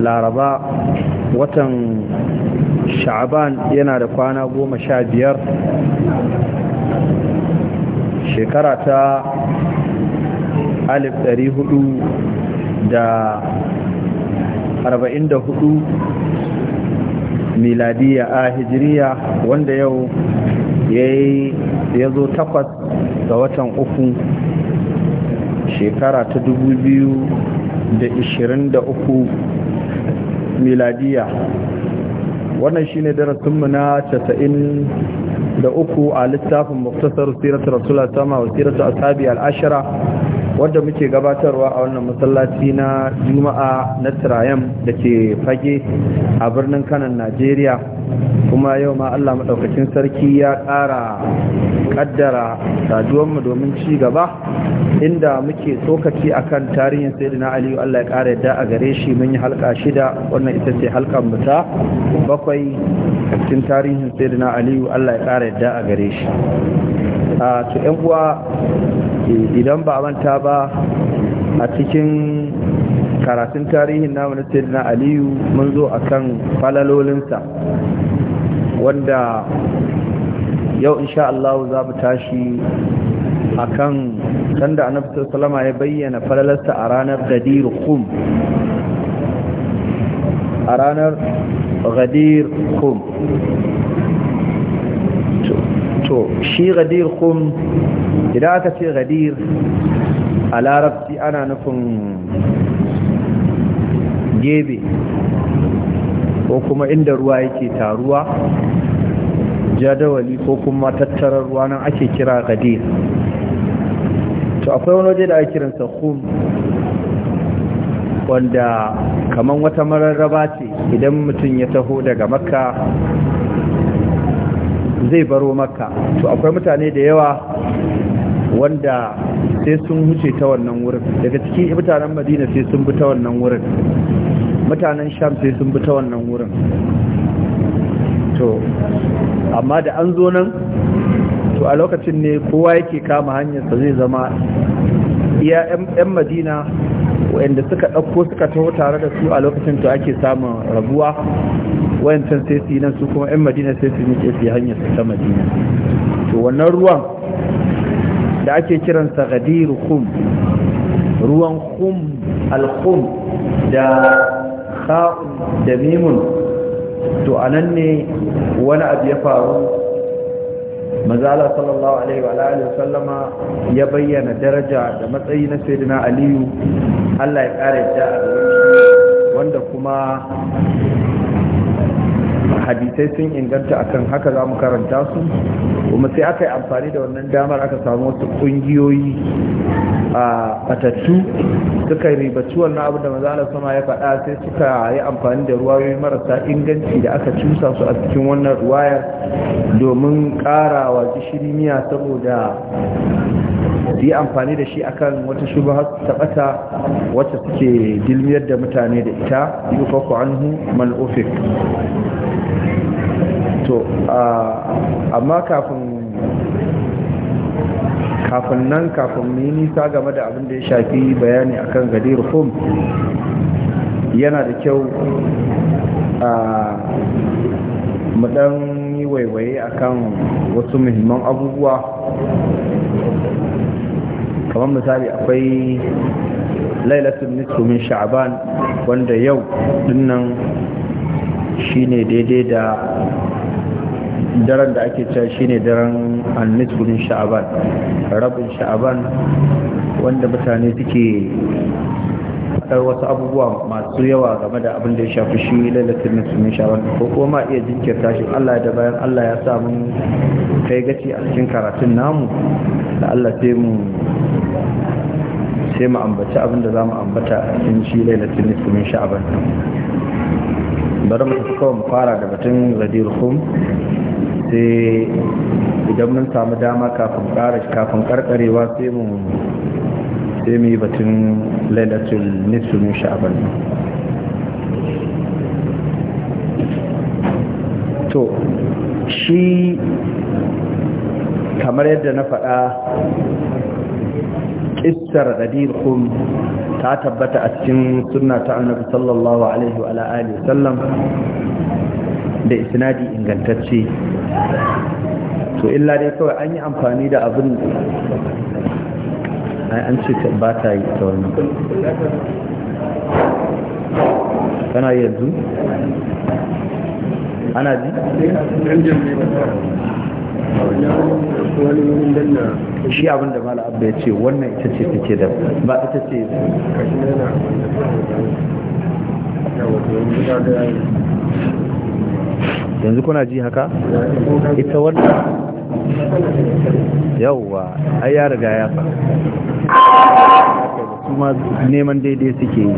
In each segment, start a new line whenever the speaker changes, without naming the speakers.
laraba watan sha'aban yana da kwana goma sha biyar shekara ta alif ɗari hudu da arba'in miladiya a hijiriya wanda yau ya zo takwas ga watan uku shekara ta dubu biyu da uku miladiya wannan shine darasinmu na uku a littafin muktasar siratu rasulullah sama wa siratu asabi al wadda wanda muke gabatarwa a wannan masallaci na juma'a na tirayen da ke fage a birnin kanan najeriya kuma yau ma Allah maɗaukacin sarki ya ƙara ƙaddara saduwanmu domin ci gaba inda muke tsokaci akan tarihin sayyidina aliyu Allah ya ƙara yadda a gare shi mun yi halka shida wannan ita ce halkan mu ta bakwai cikin tarihin sayyidina aliyu Allah ya ƙara yadda a gare shi a to ƴan uwa idan ba manta ba a cikin karatun tarihin namu na sayyidina aliyu mun zo kan falalolinsa wanda yau insha Allah za mu tashi kan sanda annabi salama ya bayyana falalarsa a ranar gadir a ranar gadir to shi gadir idan aka ce gadir a larabci ana nufin gebe ko kuma inda ruwa yake taruwa jadawali ko kuma tattarar ruwa nan ake kira gade to akwai wani waje da ake kiransa khum wanda kaman wata mararraba ce idan mutum ya taho daga makka zai baro makka to akwai mutane da yawa wanda sai sun wuce ta wannan wurin daga cikin mutanen madina sai sun bi ta wannan wurin mutanen sham sai sun bi ta wannan wurin to amma da an zo nan to a lokacin ne kowa yake kama hanyarsa zai zama iya 'yan madina wa'anda suka ɗauko suka taho tare da su a lokacin to ake samun rabuwa wayancan sai su nan su kuma 'yan madina sai su yi su hanyar ta madina to wannan ruwan da ake kiransa gadir khum ruwan khum al da kha'un da mimun to anan ne wani abu ya faru mazala sallallahu alaihi wa alihi sallama ya bayyana daraja da matsayi na sayyidina aliyu Allah ya kare da wanda kuma hadisai sun inganta akan haka za mu karanta su kuma sai aka yi amfani da wannan damar aka samu wasu kungiyoyi a batattu suka ribaci wannan abu da maza sama ya faɗa sai suka yi amfani da ruwayoyi marasa inganci da aka cusa su a cikin wannan ruwayar domin ƙara wa gishiri miya saboda yi amfani da shi akan wata ta bata wacce suke dilmiyar da mutane da ita yi kwakwa anhu hu to amma kafin kafin nan kafin mu nisa game da abin da ya shafi bayani akan gari rufum yana da kyau a mudan yi waiwaye akan wasu muhimman abubuwa kamar misali akwai lailatul nisfu min sha'ban wanda yau dinnan shine daidai da daren da ake cewa shine daren annisbulin sha'aban rabin sha'aban wanda mutane suke faɗar wasu abubuwa masu yawa game da abin da ya shafi shi na musulmin sha'aban ko kuma iya jinkirta shi Allah da bayan Allah ya sa mun kai gaci a cikin karatun namu da Allah sai mu sai mu ambaci abin da za mu ambata a cikin shi lalatin musulmin sha'aban bari mu kawai mu fara da batun zadir sai idan mun samu dama kafin ƙara kafin ƙarƙarewa sai mu sai mu yi batun lailatul nisfu min sha'ban to shi kamar yadda na faɗa ƙistar ɗadirkun ta tabbata a cikin suna ta annabi sallallahu alaihi wa ala'adu sallam da isnadi ingantacce to illa dai kawai an yi amfani da abin an ce ba ta yi ta wani. kana yanzu ana
ji?
shi abin da mala abu ya ce wannan ita ce take da ba ita ce yanzu kuna ji haka ita Yau yauwa ai ya riga ya fa su ma neman daidai suke yi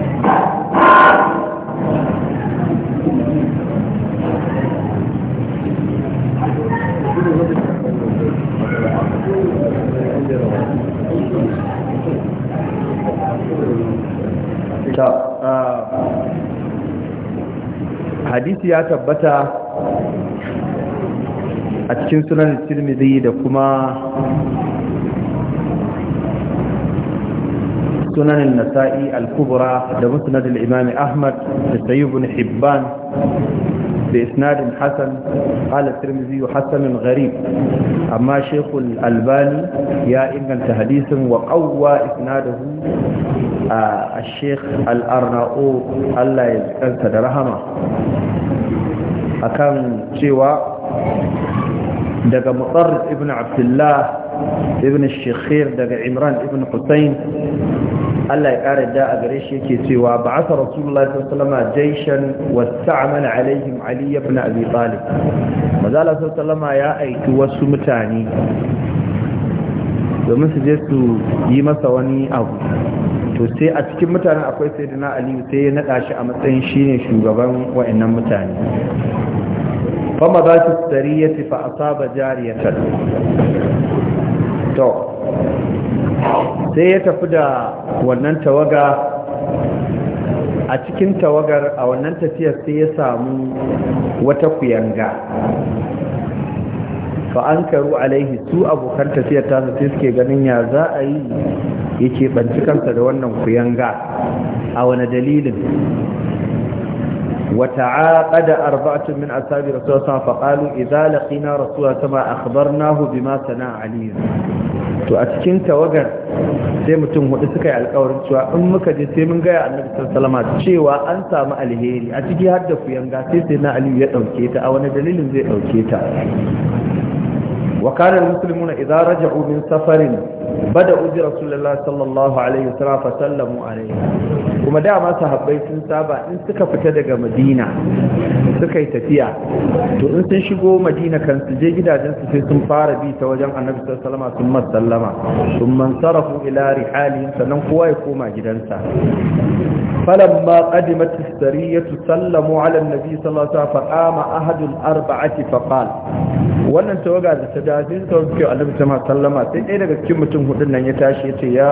ah, hadisi ya tabbata a cikin sunan tirmidhi da kuma sunan nasa'i al-kubra da musnad al-imam ahmad da sayyid ibn hibban da isnad hasan qala tirmidhi wa hasan gharib amma shaykh al-albani ya inganta hadithin wa qawwa isnadahu الشيخ الأرناؤو الله يذكرت رحمه أكام cewa. daga mutsar ibn abdullah ibn shekhir daga imran ibn hussein Allah ya ƙara da a gare shi yake cewa ba asa rasulullah sallama jaishan wasta'amal alaihim ali ibn abi talib mazala sallama ya aiki wasu mutane domin su je su yi masa wani abu to sai a cikin mutanen akwai sayyidina aliyu sai ya naɗa shi a matsayin shine shugaban wa'annan mutane fama za su tsari ya tafi a saba jariyatar to sai ya tafi da wannan tawaga a cikin tawagar a wannan tafiyar sai ya samu wata kuyanga fa an karu alaihi su abokan tafiyar tasa sai suke ganin ya za a yi yake banci kansa da wannan kuyanga a wani dalilin وتعاقد أربعة من أصحاب رسول الله صلى الله عليه وسلم فقالوا إذا لقينا رسول الله كما أخبرناه بما صنع علي to a cikin tawagar sai mutum hudu suka yi alkawarin cewa in muka je sai mun gaya annabi sallallahu cewa an samu alheri a ciki har da kuyanga sai sai na aliyu ya dauke ta a wani dalilin zai dauke ta وكان المسلمون إذا رجعوا من سفر بدأوا برسول الله صلى الله عليه وسلم فسلموا عليه وما دعما صحبي سنسابا إن سكا فتدق مدينة سكا يتفيع إن سنشقوا مدينة كان سجي جدا جنس في سنفار بي توجه النبي صلى الله عليه وسلم ثم سلم ثم انصرفوا إلى رحالهم سننقوا يقوما جدا سا فلما قدمت السرية سلموا على النبي صلى الله عليه وسلم فقام أحد الأربعة فقال wannan tawaga da ta dace ta wuce annabi sama sallama sai ɗaya daga cikin mutum hudun nan ya tashi ya ce ya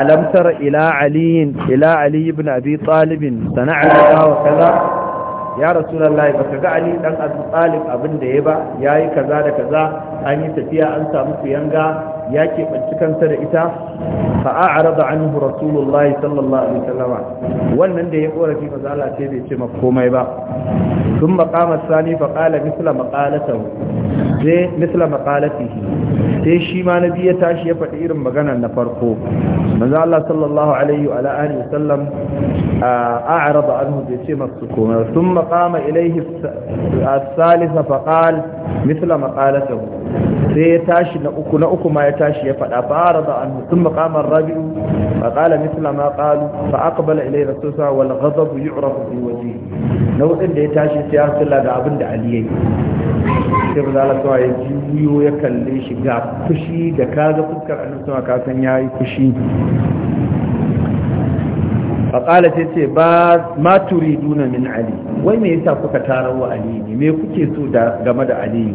alam tara ila ali ila ali ibn abi talib sana'a wa kaza ya rasulullahi baka ga ali dan abu abin da ya ba yayi kaza da kaza an yi tafiya an samu kuyanga ya keɓanci kansa da ita fa a'rada anhu rasulullahi sallallahu alaihi wasallam wannan da ya ƙorafi maza Allah sai bai ce maka komai ba Tun maqama sani fa qala misla maqalatahu sai maqalatihi sai shi ma na biya tashi ya faɗi irin maganar na farko manzo Allah sallallahu alaihi wa alihi wa sallam a'rada anhu bi ce masu kuma thumma qama ilayhi as-salis fa qala mithla ma sai ya tashi na uku na uku ma ya tashi ya faɗa fa a'rada anhu thumma qama ar-rabi'u fa qala mithla ma qalu fa aqbala ilayhi rasulullah wal ghadab yu'rafu bi wajhihi nau'in da ya tashi sai ya sallah da abin da Ali yayi sai ba za a ya juyo ya kalle shi ga fushi da ka ga fuskar annabi sama ka san ya yi fushi a tsala ce ce ba ma duna min ali wai me yasa kuka tarar wa ali ne me kuke so da game da ali ne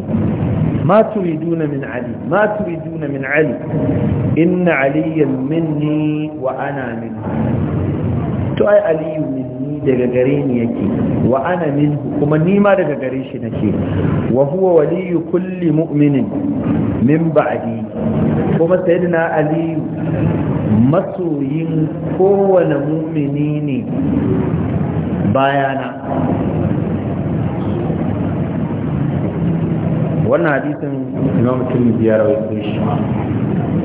ma duna min ali ma duna min ali inna aliyan minni wa ana min to ai aliyu min daga gare ni yake wa ana minhu kuma ni ma daga gare shi nake wa huwa waliyu kulli mu'minin min ba'di kuma sayyidina ali masoyin kowane mu'mini ne bayana wannan hadisin imam tirmidhi ya rawaito shi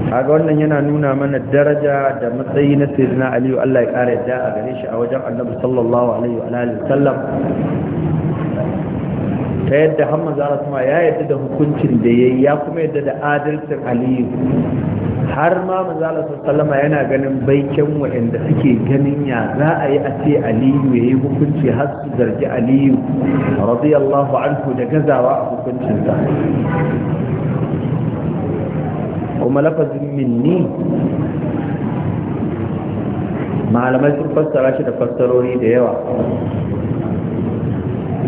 kaga wannan yana nuna mana daraja da matsayi na sayyidina ali Allah ya kare da a gare shi a wajen annabi sallallahu alaihi wa alihi sallam ta yadda hamman zara kuma ya yadda da hukuncin da ya yi ya kuma yadda da adalcin aliyu har ma manzala sallama yana ganin baikin waɗanda suke ganin ya za a yi a ce aliyu ya yi hukunci har su zargi aliyu radiyallahu anhu da gazawa a hukuncinsa kuma lafazin minni malamai sun fassara shi da fassarori da yawa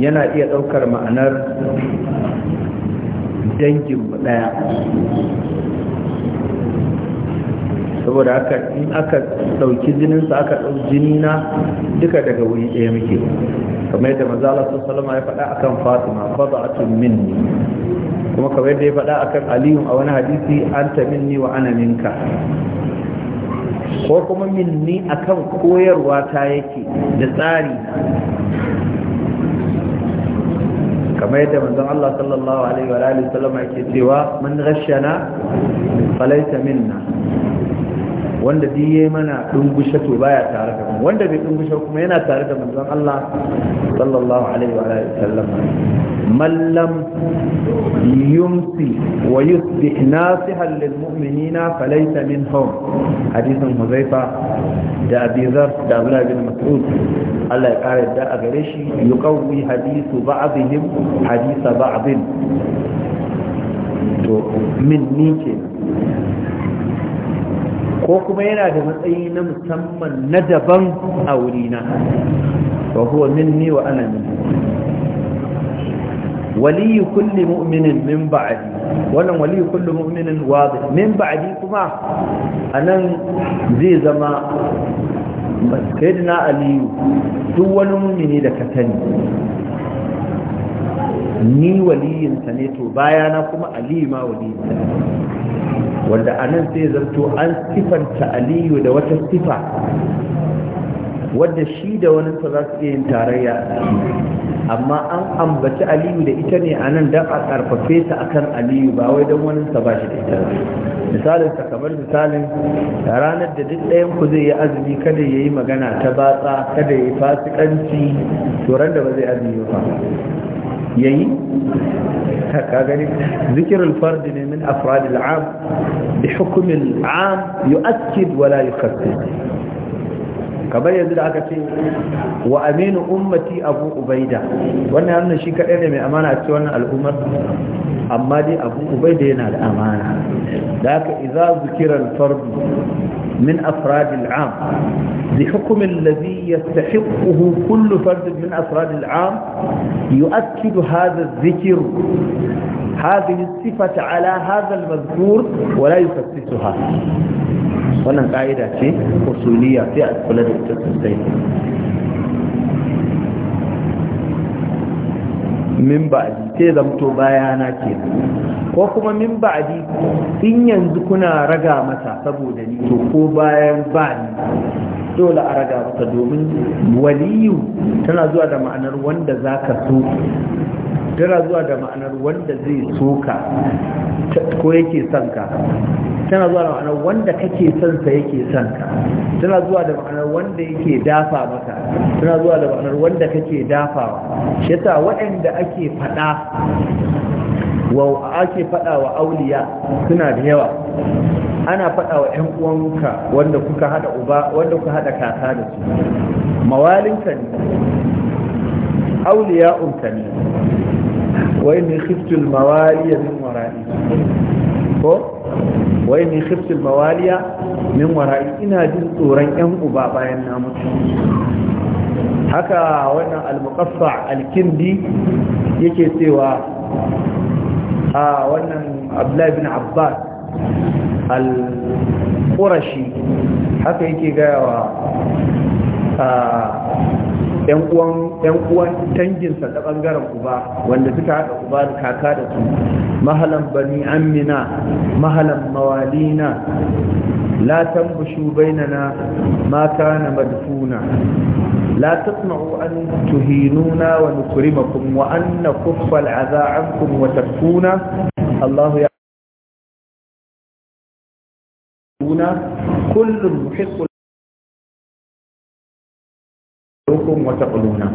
yana iya ɗaukar ma'anar dangin ɗaya saboda haka in aka ɗauki sa aka ɗauki jinina duka daga wuri ɗaya muke kamar yadda maza Allah alaihi wasallam ya faɗa akan fatima fada'atun minni kuma kamar yadda ya faɗa akan aliyu a wani hadisi an ta minni wa ana minka ko kuma minni akan koyarwa ta yake da tsari kamar yadda manzon Allah sallallahu alaihi wa alihi sallama yake cewa man ghashana falaita minna wanda duk yayi mana dungushe to baya tare da mu wanda bai dungushe kuma yana tare da manzon Allah sallallahu alaihi wa alihi sallam man lam yumsi wa yusbih nasihan lil mu'minina falaysa minhum hadisin Huzaifa da Abi Dharr da Abdullah bin Mas'ud Allah ya kare da a gare shi yuqawi hadithu ba'dihim haditha ba'din to min ni kenan ko kuma yana da matsayi na musamman na daban a wurina wa huwa minni wa ana minni wali kulli mu'minin min ba'di wannan wali kulli mu'minin wadih min ba'di kuma anan zai zama sayyidina aliyu duk wani mu'mini da ka sani ni waliyinsa ne to baya na kuma aliyu ma ne. wanda anan sai zarto an sifanta aliyu da wata sifa wadda shi da wani za su iya yin tarayya amma an ambaci aliyu da ita ne a nan don a karfafe ta akan aliyu ba wai don wani ba shi da ita misalin sa kamar misalin ranar da duk ɗayan ku zai yi azumi kada ya yi magana ta batsa kada ya yi fasikanci to da ba zai azumi ba yayi ka gani zikirul fardi ne min afrad al'am bi hukm al'am yu'akkid wala la kamar yanzu da aka ce wa aminu ummati abu ubaida wannan wannan shi kadai ne mai amana a cikin wannan al'ummar amma dai abu ubaida yana da amana da haka iza zikira fardi. من أفراد العام بحكم الذي يستحقه كل فرد من أفراد العام يؤكد هذا الذكر هذه الصفة على هذا المذكور ولا يفسسها ولا قاعدة في أصولية في a min ba'di sai zamto bayana kenan ko kuma min ba'di in yanzu kuna raga mata saboda ni to ko bayan ba'di dole a raga masa domin waliyu tana zuwa da ma'anar wanda zaka so dara zuwa da ma'anar wanda zai soka ko yake son ka tana zuwa da ma'anar wanda kake son sa yake son ka tana zuwa da ma'anar wanda yake dafa maka tana zuwa da ma'anar wanda kake dafawa shi yasa waɗanda ake faɗa wa ake faɗa wa auliya suna da yawa ana faɗa wa ƴan uwanka wanda kuka haɗa uba wanda kuka haɗa kaka da su mawalinka ne auliya unka ne وإني خفت الموالي من ورائي wai ni khiftul mawaliya min wara'i ina jin tsoron yan uba bayan na mutu haka wannan al-muqaffa al-kindi yake cewa a wannan Abdullah bin Abbas al-Qurashi haka yake gayawa yan uwan tangin sa da bangaren uba wanda suka haɗa uba da kaka da su mahalan bani amina mahalan mawalina la tambashu bainana ma kana madfuna la tasma'u an tuhinuna wa nukrimakum wa an nakuffa al'aza'ankum wa tafuna Allah ya kullu muhiqqu تسركم وتقلونا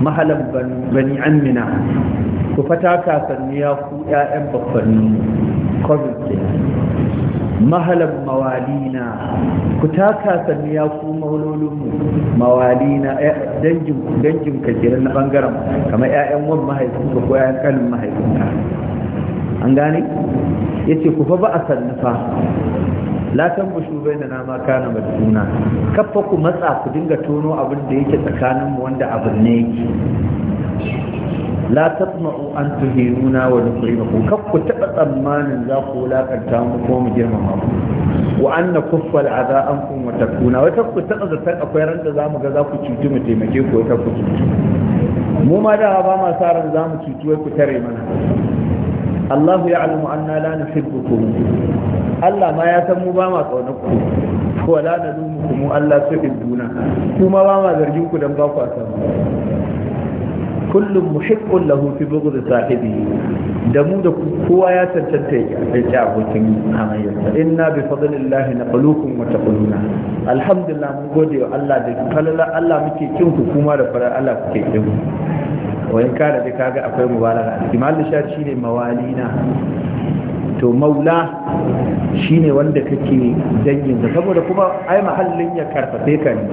مهلا بني عمنا كفتاكا سنياكو يا أم بفني قبل mahalan mawalina ku ka sannu ya ku maulolinmu mawalina eh, dangin dangin ka kenan na bangaren kamar ƴaƴan wan mahaifinka ko ƴaƴan kalin mahaifinka an gane yace ku fa ba a sannu fa la tambushu na ma kana maduna kafa ku matsa ku dinga tono abin da yake tsakanin mu wanda abin ne yake la tatma'u an tuhinuna wa nukrimakum kaf ku taba tsammanin za ku wulakanta mu ko mu girmama ku wa anna kuffa al'adha wa takuna wa ku taba zaton akwai ran da zamu ga za ku cuci mu taimake ku wata ku cuci mu ma da ba ma sa ran za mu cuci wai ku tare mana Allahu ya'lamu anna la nuhibbukum Allah ma ya san mu ba ma kaunarku ko la nadumukum Allah tuhibbuna kuma ba ma zargin ku dan ba ku san kullum muhiqqun lahu fi bughd sahibi da mu da kowa ya tantance ya ci abokin hamayyarsa inna bi fadlillahi naqlukum wa taquluna mun gode wa Allah da falala kuma da farar Allah kuke kin wani in da kaga akwai mubalaga a cikin mahallin shi shine mawalina to maula shine wanda kake dangin saboda kuma ai mahallin ya karfafe ka ne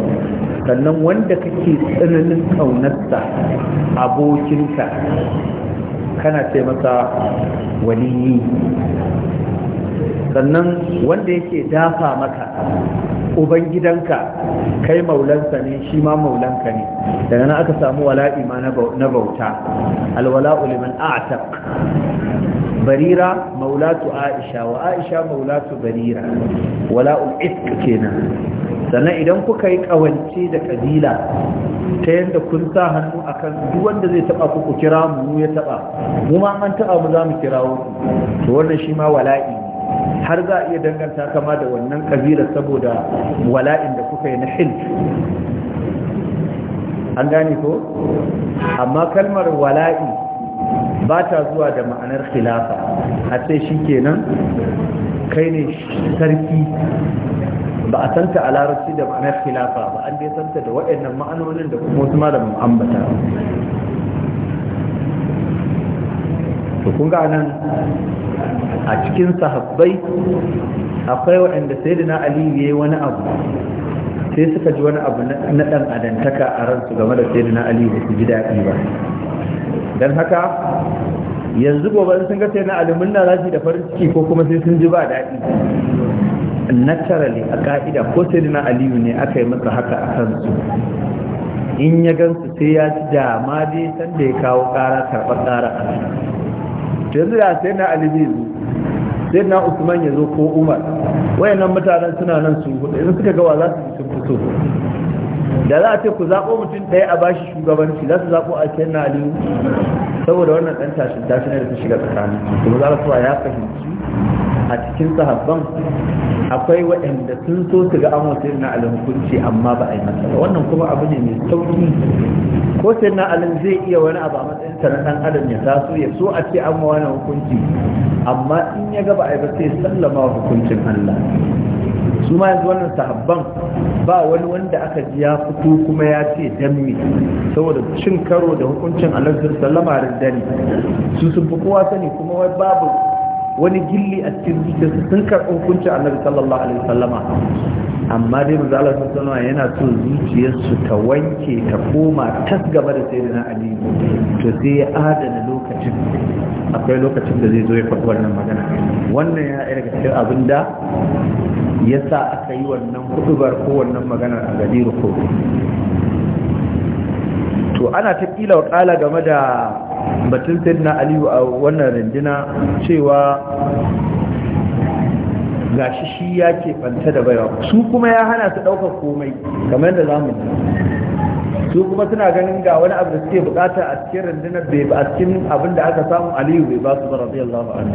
sannan wanda kake tsananin kaunarsa abokinka kana ce masa waliyi sannan wanda yake dafa maka ubangidanka kai maulansa ne shi ma maulanka ne daga nan aka samu wala'i ma na bauta alwala'u liman a'taq barira maulatu aisha wa aisha maulatu barira Wala'u itq kenan sannan idan kuka yi kawance da kabila ta yadda kun sa hannu akan duk wanda zai taba ku ku kira mu ya taba mu ma an taba mu za mu kirawo to wannan shi ma wala'i har za a iya danganta kama da wannan kabilar saboda wala'in da kuka yi na hil an gane ko amma kalmar wala'i ba ta zuwa da ma'anar khilafa a sai shi kenan kai ne sarki ba a santa a larabci da ma'anar khilafa ba an dai santa da waɗannan ma'anonin da kuma wasu malamin ambata to kun ga nan a cikin sahabbai akwai waɗanda na ali ya yi wani abu sai suka ji wani abu na ɗan adantaka a ransu game da na ali ba su ji daɗi ba don haka yanzu gobe sun ga na ali murna za da farin ciki ko kuma sai sun ji ba daɗi naturally a ka'ida ko na aliyu ne aka yi masa haka a kansu in ya gansu sai ya ci dama dai sanda ya kawo ƙara karɓar ƙara yanzu da sai na ali zai zo sai na usman ya zo ko umar wayannan mutanen suna nan su hudu yanzu suka gawa za su yi sun fito da za a ce ku zaɓo mutum ɗaya a bashi shugabanci za su zaɓo a sai na ali saboda wannan ɗan tashin tashin da ta shiga tsakanin kuma za su ya fahimci a cikin sahabban akwai waɗanda sun so su ga an wasu na hukunci amma ba a yi masa ba wannan kuma abu ne mai sauki ko sai na alin zai iya wani abu a matsayin sa na ɗan adam ya taso ya so a ce an ma wani hukunci amma in ya ga ba a yi ba sai sallama hukuncin Allah su ma yanzu wannan sahabban ba wani wanda aka ji ya fito kuma ya ce dami saboda cin karo da hukuncin Allah sallama da dani su sun fi kowa sani kuma wai babu wani gilli a cikin zuciyarsu sun karɓi hukuncin annabi sallallahu alaihi wasallama amma dai mu zala sun yana so zuciyarsu ta wanke ta koma tas gaba da sayyidina Ali to sai ya adana lokacin akwai lokacin da zai zo ya faɗi wannan magana wannan ya ɗaya daga cikin abin da ya sa aka yi wannan kuɗubar ko wannan magana a gadi ko to ana ta kila wa kala game da batun sayyidina aliyu a wannan rindina cewa ga shi ya fanta da baiwa su kuma ya hana su ɗauka komai kamar da za mu su kuma suna ganin ga wani abu da suke bukata a cikin rundunar bai ba a cikin abin da aka samu aliyu bai ba su ba mu ala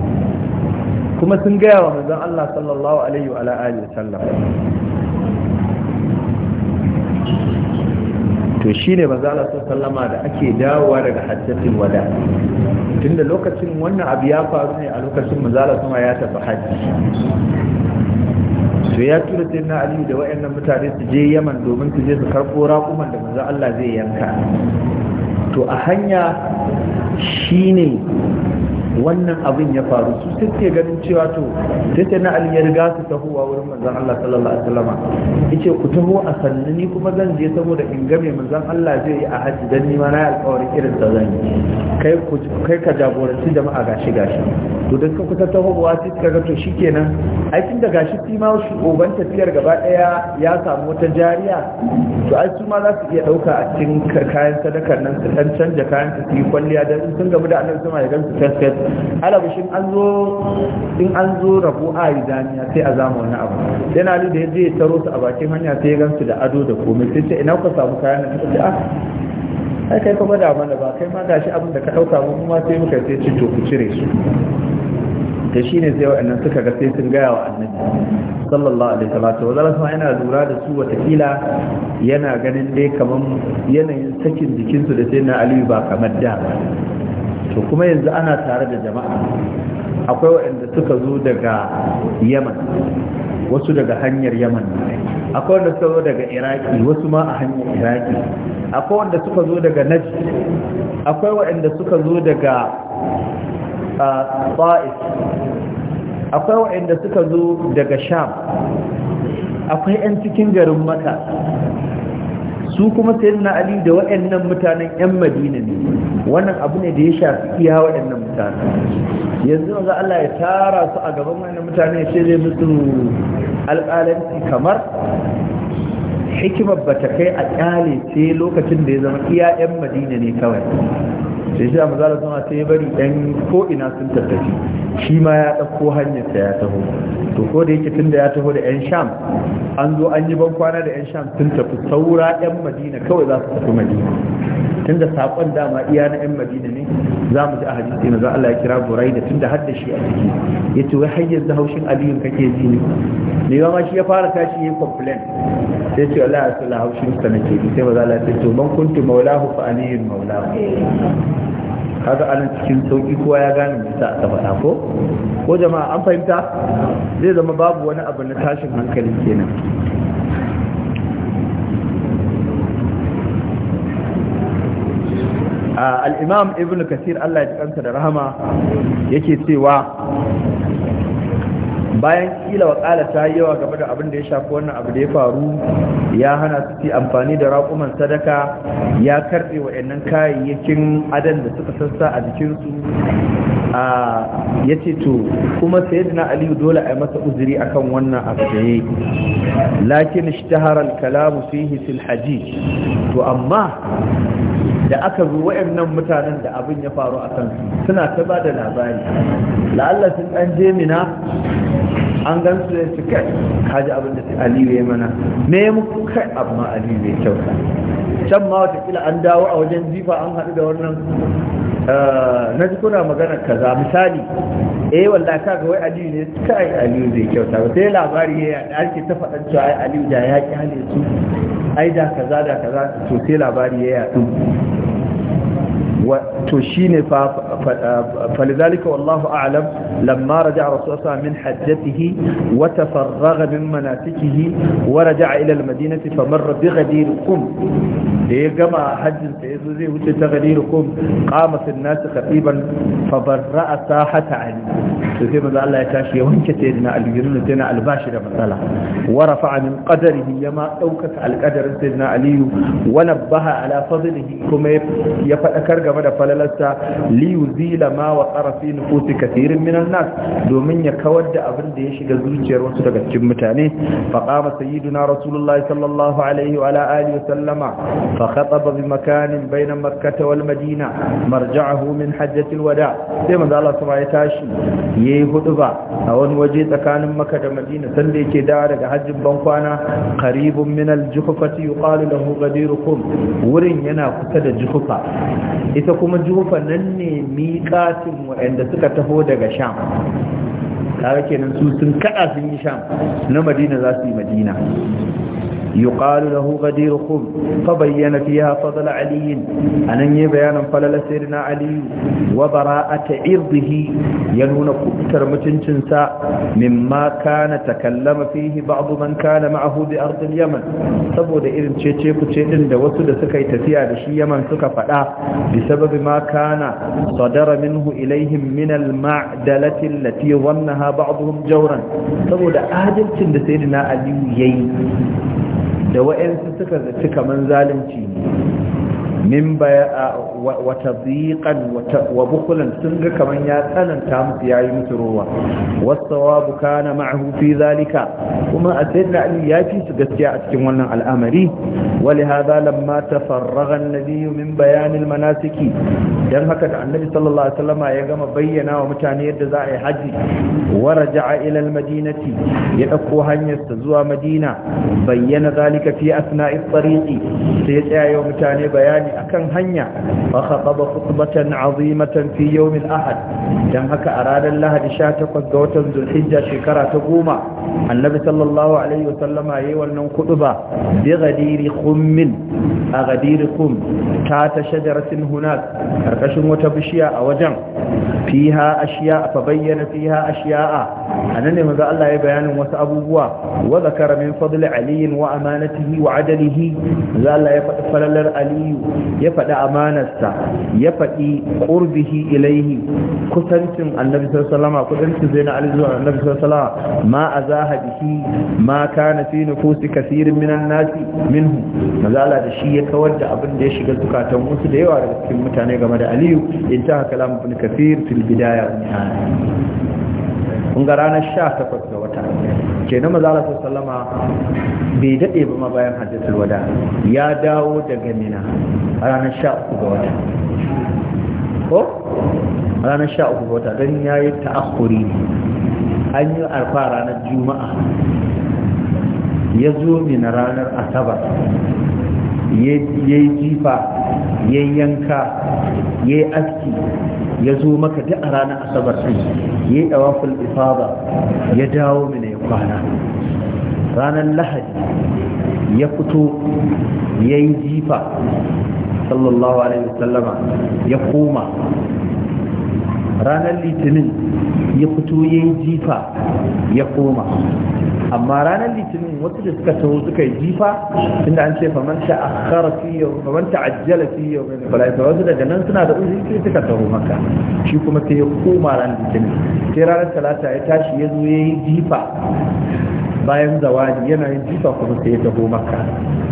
kuma sun gaya wa manzon Allah sallallahu alaihi wa wa sallam to shine manzo sun sallama da ake dawowa daga hajjatin wada tunda lokacin wannan abu ya faru ne a lokacin manzo Allah ya tafi hajji to ya tura sayyidina Ali da wayannan mutane su je Yaman domin su je su karbo raƙuman da manzo Allah zai yanka to a hanya shine wannan abin ya faru su suke ganin cewa to sai na aliyar ya riga su tahowa wurin manzon Allah sallallahu alaihi wasallam yace ku taho a sannu ni kuma zan je saboda in ga mai manzon Allah zai yi a haji dan ni ma na alƙawari irin ta zan yi kai ku kai ka jagoranci jama'a gashi gashi to dan ka kusa tahowa sai ka ga to shikenan ai tun da gashi ti ma shugaban tafiyar gaba daya ya samu wata jariya to ai su ma za su iya dauka a cikin kayan sadakar nan su dan canja kayan su yi kwalliya dan sun gamu da annabi sama ya gamsu fes alabushin an zo in an zo rabu a ridaniya sai a zama wani abu sai na da yaje ya taro su a bakin hanya sai ya gansu da ado da komai sai ce ina ku samu kayan da sai a ah ai kai kuma da mana ba kai ma gashi abin da ka dauka mu kuma sai muka sai ci to ku cire su da shi ne sai waɗannan suka ga sai sun gaya wa annabi sallallahu alaihi wa salatu wa zalasa yana lura da su watakila yana ganin dai kamar yanayin sakin jikinsu da sai na aliyu ba kamar da to kuma yanzu ana tare da jama'a akwai waɗanda suka zo daga yaman wasu daga hanyar yaman akwai wanda suka zo daga iraki wasu ma a hanyar iraki akwai wanda suka zo daga najd akwai waɗanda suka zo daga Ba'is, akwai waɗanda suka zo daga sham akwai 'yan cikin garin maka su kuma sayyidina ali da waɗannan mutanen yan madina ne wannan abu ne da ya shafi iya waɗannan mutane yanzu maza Allah ya tara su a gaban waɗannan mutane sai zai musu alƙalanci kamar hikimar ba ta kai a ƙyale sai lokacin da ya zama iya yan madina ne kawai sai shi a maza da suna sai bari yan ko ina sun tattafi shi ma ya ɗauko hanyarsa ya taho to ko da yake tunda ya taho da 'yan sham an zo an yi ban kwana da 'yan sham tun tafi saura 'yan madina kawai za su tafi madina tun da saƙon dama iya na 'yan madina ne za mu ji a hadisi na za Allah ya kira burai da tunda har da shi a ciki ya ce wai har yanzu haushin aliyun kake ji ne ne ba ma shi ya fara tashi ya complain sai ce Allah ya sula haushin sa nake ji sai ba za Allah ya ce to man kuntu maulahu fa aliyun maulahu kaga anan cikin sauki kowa ya gane me a aka faɗa ko ko jama'a an fahimta zai zama babu wani abu na tashin hankali kenan ah, Al-Imam ibn kasir Allah ya kansa da rahama yake cewa bayan kila waƙala ta yi yawa game da abin da ya shafi wannan abu da ya faru ya hana su ci amfani da raƙuman sadaka ya karɓe wa'annan kayayyakin adan da suka sassa a jikinsu a ya ce to kuma na aliyu dole a yi masa uzuri akan wannan abu da ya yi lakin ishtaharar kalamu fihi hisil haji to amma da aka zo nan mutanen da abin ya faru a kansu suna ta ba da labari la'alla sun ɗan je mina an gan su yanzu kai kaji abin da aliyu ya mana me ya muku kai amma aliyu ya kyauta can ma watakila an dawo a wajen jifa an haɗu da wannan eh, na ji kuna magana kaza misali eh wallahi kaga wai aliyu ne kai aliyu zai kyauta ba sai labari ya yaɗa ake ta faɗan cewa ai aliyu da ya kyale su ai da kaza da kaza to sai labari ya yaɗu to shine fa falzalika wallahu a'lam lamma raja'a rasulullah min hajjatihi wa tafarraga min manatikihi wa raja'a ila al-madinati famarra bi ghadir qum da ya gama hajjinsa ya zo zai wuce ta ghadirukum qama sun nas khatiban fa barra'a sahata ali to sai maza Allah ya tashi ya wanke na albashi da matsala wa rafa'a kadari ya ma daukaka sai na Aliyu. Wani baha ala kuma ya faɗakar game da falalarsa liyu zila ma wa qara fi nufusi kafirin minan nas domin ya kawar da abin da ya shiga zuciyar wasu daga cikin mutane faƙama sayyiduna rasulullahi sallallahu alaihi wa ala wa sallama فخطب بمكان بين مكة والمدينة مرجعه من حجة الوداع سيما ذا الله سبحانه يتاشي يهدبا أون وجيت كان مكة مدينة سندي كدارك حج بنقوانا قريب من الجخفة يقال له غديركم ورين ينا كتد الجخفة إذا كما الجخفة نني ميقات وعند سكته دقى شام kaga kenan su sun kada sun yi sham na madina za su yi madina يقال له غدير خب فبين فيها فضل علي أن يبيانا فلل سيرنا علي وبراءة عرضه ينون كبتر متنشنسا مما كان تكلم فيه بعض من كان معه بأرض اليمن سبود إذن تشيكو تشيكو دا وسود سكي تفيا بشي يمن سكا فلا بسبب ما كان صدر منه إليهم من المعدلة التي ظنها بعضهم جورا سبود آدل تند سيرنا علي يي da wa'yansu suka zaci kaman zalunci ne min baya wa tadhiqan wa bukulan sun ga kamar ya tsananta musu yayi musu ruwa wasawabu kana na fi zalika kuma addinna ali ya fi su gaskiya a cikin wannan al'amari ta farragan na biyu min bayanin المناسك dan haka da annabi sallallahu alaihi wasallam ya gama bayyana wa mutane yadda za a yi haji wa raja'a ila almadinati ya dauko hanyar ta zuwa madina bayyana zalika fi asna'i tariqi sai ya tsaya wa mutane bayani akan hanya فخطب خطبة عظيمة في يوم الأحد جمعك أراد الله دشاتك وقوتا ذو الحجة شكرا تقوما النبي صلى الله عليه وسلم أيوة النوم خطبة بغدير خم أغدير خم تات شجرة هناك أركش وتبشياء وجم فيها أشياء فبين فيها أشياء أنني ماذا الله يبيان وسأبوه وذكر من فضل علي وأمانته وعدله ذا الله يفعل علي يفعل أمانته sa ya faɗi qurbihi ilaihi kusancin annabi sallallahu alaihi wasallam kusancin zainab na zuwa annabi sallallahu alaihi wasallam ma azaha bihi ma kana fi kusi kathirin minan nasi minhu mazala da shi ya kawar da abin da ya shiga zukatan wasu da yawa daga cikin mutane game da aliyu intaha kalam ibn kathir fil bidaya wa nihaya kun ga ranar 18 ga wata kenan mazala sallallahu alaihi bai daɗe ba ma bayan hajjatul wada ya dawo daga mina ranar sha uku ga wata ko ranar sha uku ga wata don ya yi ta'akuri an yi arfa ranar juma'a ya zo mina ranar asabar ya yi jifa ya yanka ya yi aski ya zo maka duk a ranar asabar sai ya yi ɗawafin ifada ya dawo mina ya kwana ranar lahadi ya fito ya yi jifa sallallahu alaihi wasallama ya koma ranar litinin ya fito ya yi jifa ya koma amma ranar litinin wasu da suka taho suka yi jifa inda an ce faman ta akara fi yau faman ta ajjala fi yau mai falaita wasu daga nan suna da uzuri sai suka taho maka shi kuma sai ya koma ranar litinin sai ranar talata ya tashi ya zo ya yi jifa bayan zawadi yana yin jifa kuma sai ya taho makka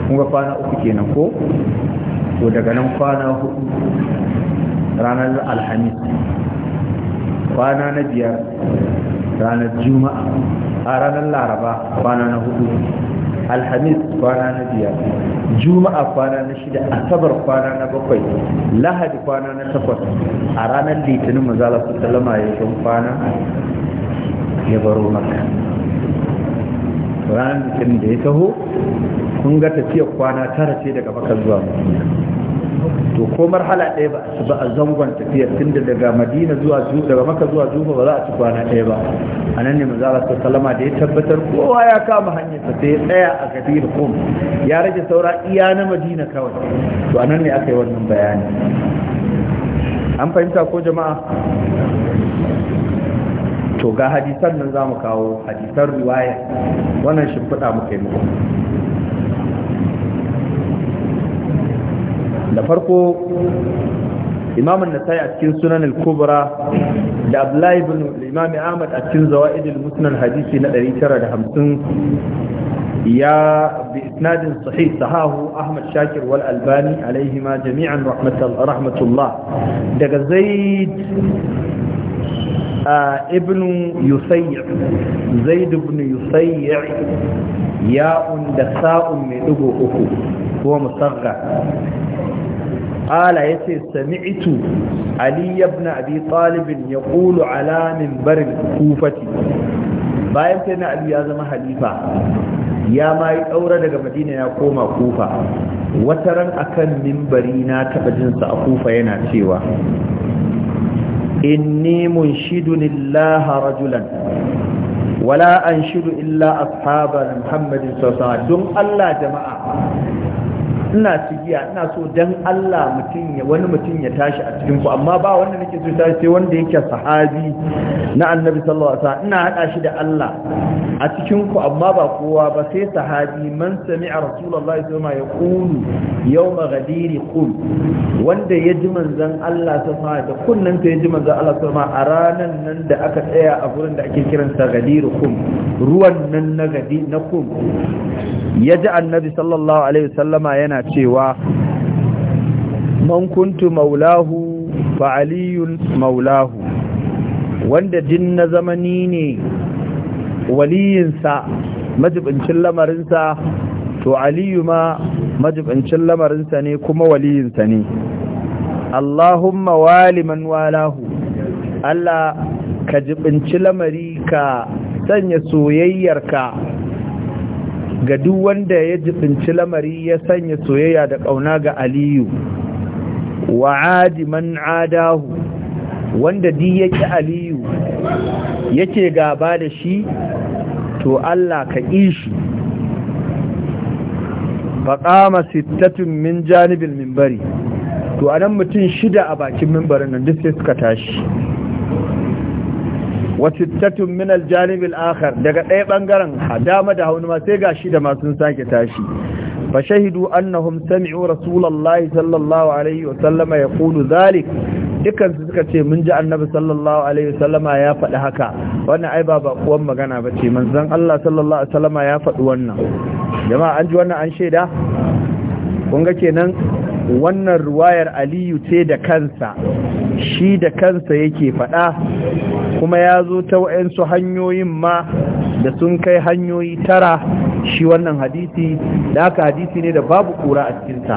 kun kwana uku kenan ko to daga nan kwana hudu ranar alhamis kwana na biyar ranar juma'a a ranar laraba kwana na hudu alhamis kwana na biyar juma'a kwana na shida asabar kwana na bakwai lahadi kwana na takwas a ranar litinin mazala su talama ya kwana ya baro maka ranar jikin da ya taho kun ga tafiyar kwana tara ce daga maka zuwa madina to ko marhala ɗaya ba su ba a zangon tafiyar tun da daga madina zuwa daga maka zuwa zuwa ba za a ci kwana ɗaya ba a nan ne manzala ta salama da ya tabbatar kowa ya kama hanyar sa sai ya tsaya a gadir kum ya rage saura iya na madina kawai to a nan ne aka yi wannan bayani an fahimta ko jama'a to ga hadisan nan za mu kawo hadisan riwaya wannan shimfiɗa fada muke muku da farko imam nasai a cikin sunan al-kubra da abdullahi ibn imam ahmad a cikin zawaid al-musnad hadisi na 950 ya bi isnadin sahih sahahu ahmad shakir wal albani alaihima jami'an rahmatullah daga zaid ابن يسيع زيد بن يسيع ياء دساء من دغو اكو هو مصغر قال يتي سمعت علي بن ابي طالب يقول على منبر الكوفه bayan sai na ali ya zama halifa ya ma yi ɗaura daga madina ya koma kufa wata ran akan mimbari na taɓa jinsa a kufa yana cewa inni munshidun illaha rajulan wala anshidu illa ashabar muhammadin sallallahu don Allah jama'a ina cigiya ina so dan Allah mutum ya wani mutum ya tashi a cikin ku amma ba wanda nake so tashi sai wanda yake sahabi na annabi sallallahu alaihi wasallam ina hada shi da Allah a cikin ku amma ba kowa ba sai sahabi man sami'a rasulullahi sallallahu alaihi wasallam yaqulu yawma ghadiri qul wanda ya ji manzon Allah sallallahu alaihi wasallam da kunnan ta ya ji manzon Allah sallallahu alaihi wasallam a ranan nan da aka tsaya a gurin da ake kiransa ghadiri qul ruwan nan na gadi na qul ya ji annabi sallallahu alaihi wasallama yana cewa man kuntu maulahu fa aliyun maulahu wanda din na zamani ne waliyinsa majibincin lamarinsa to aliyu ma majibincin lamarinsa ne kuma waliyinsa ne Allahumma waliman walahu Allah ka jibinci lamari ka sanya soyayyarka ga duk wanda ya jibinci lamari ya sanya soyayya da ƙauna ga aliyu wa adiman adahu wanda di yake aliyu yake gaba da shi to Allah ka ishi faƙama sittatun min janibin mimbari to anan mutum shida a bakin mimbarin nan duk sai suka tashi wattattatun min aljanibin akhar daga ɗaya ɓangaren dama da hauni ma sai ga shi da masu sake tashi fa shahidu annahum sami'u rasulullahi sallallahu alaihi wa sallama ya yaqulu zalik dukkan su suka ce mun ji annabi sallallahu alaihi wa sallama ya faɗi haka wannan ai ba bakuwan magana ba ce manzon Allah sallallahu alaihi wa sallama ya faɗi wannan jama'a an ji wannan an shaida kun ga kenan wannan ruwayar Aliyu ce da kansa shi da kansa yake faɗa kuma ya zo ta wa'yansu hanyoyin ma da sun kai hanyoyi tara shi wannan hadisi da aka hadisi ne da babu kura a cikinsa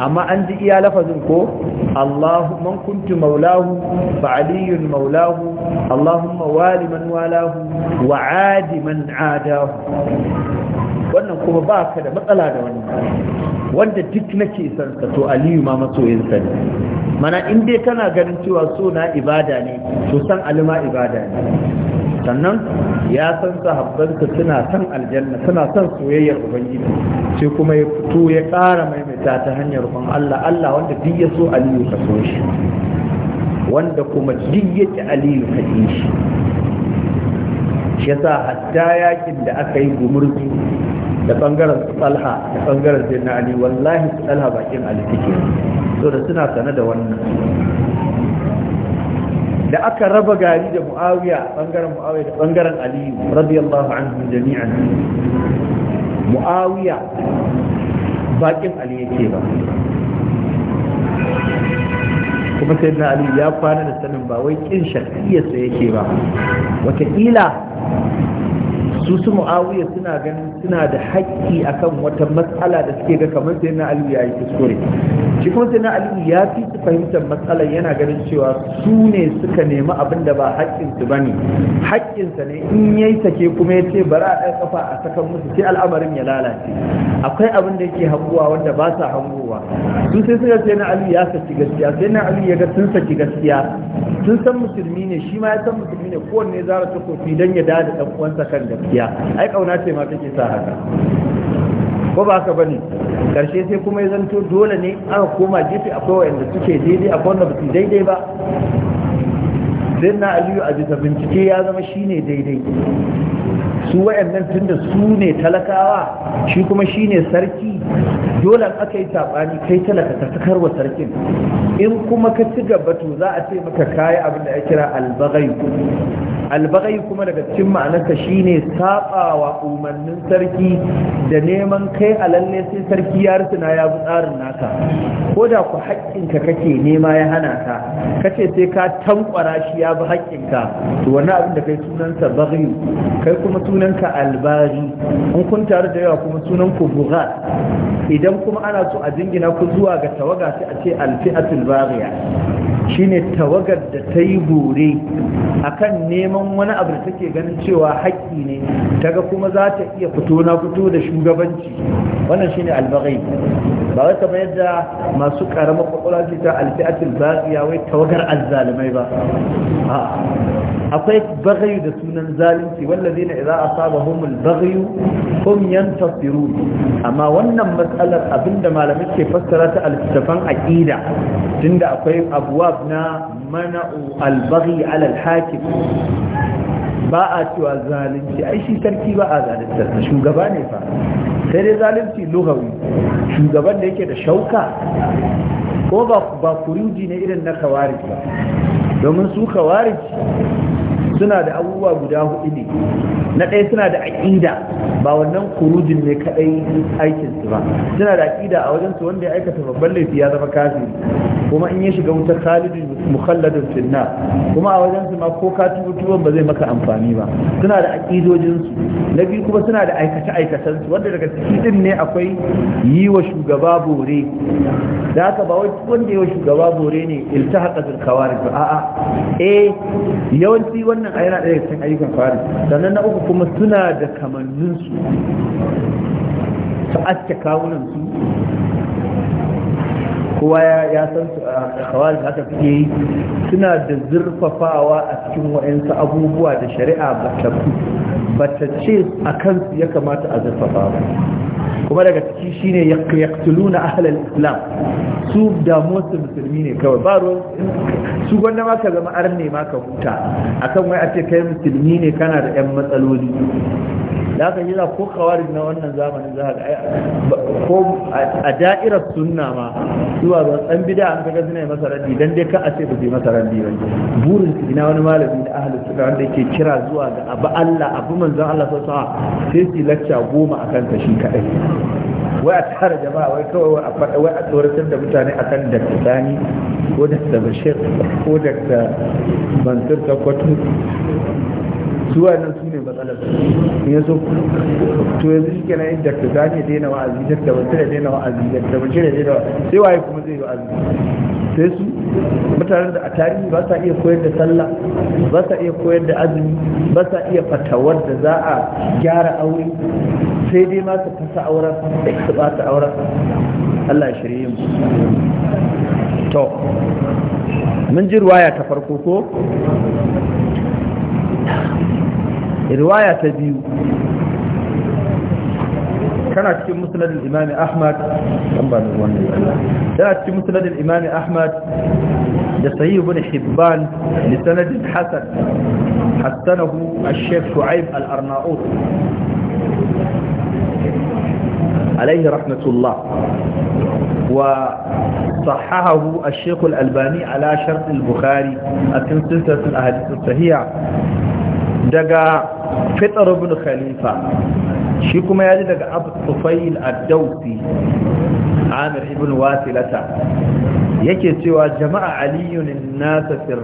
amma an ji iya lafazin ko Allahu man kuntu maulahu ba aliyun maulahu Allahumma mawali man walahu wa adi man adahu wannan kuma ba ka da matsala da wannan wanda duk nake son sa to aliyu ma masoyin sa ne mana in dai kana ganin cewa so na ibada ne to san alima ibada ne sannan ya san sahabbansa suna san aljanna suna san soyayyar ubangiji sai kuma ya fito ya ƙara maimaita ta hanyar kun Allah Allah wanda duk ya so aliyu ka so shi wanda kuma duk ya ki aliyu ka ki shi shi yasa hatta yakin da aka yi gumurzu da bangaren salha da bangaren sai na ali wallahi su talha bakin ali so da suna sane da wannan da aka raba gari da muawiya bangaren muawiya da bangaren ali radiyallahu anhu jami'an muawiya bakin ali yake ba kuma sai na ali ya kwana da sanin ba wai kin shakiyarsa yake ba wataƙila su su mu'awiyya suna ganin suna da haƙƙi akan wata matsala da suke ga kamar sai na aliyu ya yi kuskure shi kuma sai na aliyu ya fi fahimtar matsalar yana ganin cewa su ne suka nemi abin da ba haƙƙinsu ba ne haƙƙinsa ne in ya yi sake kuma ya ce bara a kafa a sakan musu sai al'amarin ya lalace akwai abin da yake hanguwa wanda ba sa hanguwa su sai suka sai na aliyu ya saki gaskiya sai na aliyu ya ga sun saki gaskiya sun san musulmi ne shi ma ya san musulmi ne kowanne zara takofi don ya dada ɗan uwansa kan gaskiya gaskiya ai kauna ce ma take sa haka ko ba haka bane karshe sai kuma ya zanto dole ne aka koma gefe akwai wanda suke daidai akwai wanda su daidai ba sai na aliyu a bisa bincike ya zama shine daidai su wayannan da su ne talakawa shi kuma shi ne sarki dole aka yi saɓani kai talaka ta sakarwa sarkin in kuma ka ci gaba to za a ce maka kayi abin da ya kira albagai albagai kuma daga cikin ma'anarsa ne saɓawa umarnin sarki da neman kai a lalle sai sarki ya rusuna ya bi tsarin naka ko da ku haƙƙinka kake nema ya hana ka kace sai ka tankwara shi ya bi haƙƙinka to wannan abin da kai sunansa bagai kai kuma sunan sunanka albari in kun taru da yawa kuma sunan ku bughat idan kuma ana so a jingina ku zuwa ga tawaga sai a ce alfi'atul bariya, shine tawagar da ta yi bore akan neman wani abu da take ganin cewa haƙƙi ne daga kuma za ta iya fito na fito da shugabanci wannan shine albagai ba wai kamar yadda masu karamar kwakwalwa ce ta alfi'atul bariya wai tawagar azzalimai ba akwai bagai da sunan zalunci wallazina idza asabahum al-baghy hum yantasirun amma wannan matsalar abinda malamai ke fassara ta al-tafan aqida tunda akwai abwab na mana'u al-baghy ala al-hakim ba a cewa zalunci ai shi sarki ba a zalunta shugaba ne fa sai dai zalunci lugawi shugaban da yake da shauka ko ba kuruji ne irin na kawarij ba domin su kawarij suna da abubuwa guda hudu ne na ɗaya suna da aƙida ba wannan kurujin ne kaɗai aikin su ba suna da aƙida a wajen su wanda ya aikata babban laifi ya zama kafin kuma in ya shiga wutar khalidin mukhalladin finna kuma a wajen su ma ko ka tuban ba zai maka amfani ba suna da aƙidojin su na biyu kuma suna da aikace aikacen su wanda daga ciki cikin ne akwai yi wa shugaba bore da haka ba wanda yi wa shugaba bore ne iltahaka bil kawarij ba a'a eh yawanci wannan a yana ɗaya cikin ayyukan kawarij sannan na uku kuma suna da kamanninsu su kawunansu kowa ya san su a kawai da aka fiye yi suna da zurfafawa a cikin wa'yansu abubuwa da shari'a ba ta ce a kansu ya kamata a zurfafa ba kuma daga ciki shine yaqtuluna ahlal islam su da musulmi ne kawai ba ruwan su gwanda ma ka zama arne ma ka huta akan wai a ce kai musulmi ne kana da yan matsaloli da haka yi za ko kawari na wannan zamanin za ga ko a da'irar sunna ma zuwa ga ɗan bida an kaga suna yi masa raddi dan dai ka a ce ba su masa raddi ba burin su ina wani malami da ahli sunna wanda yake kira zuwa ga abu Allah abu manzon Allah sallallahu alaihi sai su lacca goma a ta shi kadai wai a tara jama'a wai kawai a faɗa wai a tsoratar da mutane akan da Sani ko da Bashir ko Mansur Takwatu Suwa nan su ne matsalar in ya so to yanzu shi kenan yadda ka ne daina wa'azi da ta bace da daina wa'azi da ta bace da daina sai waye kuma zai yi wa'azi sai su mutanen da a tarihi ba sa iya koyar da sallah ba sa iya koyar da azumi ba sa iya fatawar da za a gyara aure sai dai ma su fasa auren da su ba ta auren Allah ya shirye mu to mun ji ruwaya ta farko ko riwaya ta biyu kana cikin musnadin imami ahmad da wannan yana cikin musnadin imami ahmad da sahih ibn hibban li sanadin hasan hasanahu ash-shaykh shu'aib al-arnaut alayhi rahmatullah وصححه الشيخ الألباني على شرط البخاري أتم سلسلة الأحاديث الصحيحة دقى فطر بن خليفة شيكما يجي دقى أبو الطفيل الدوسي عامر ابن واسلة yake cewa jama'a aliyunin nasa fil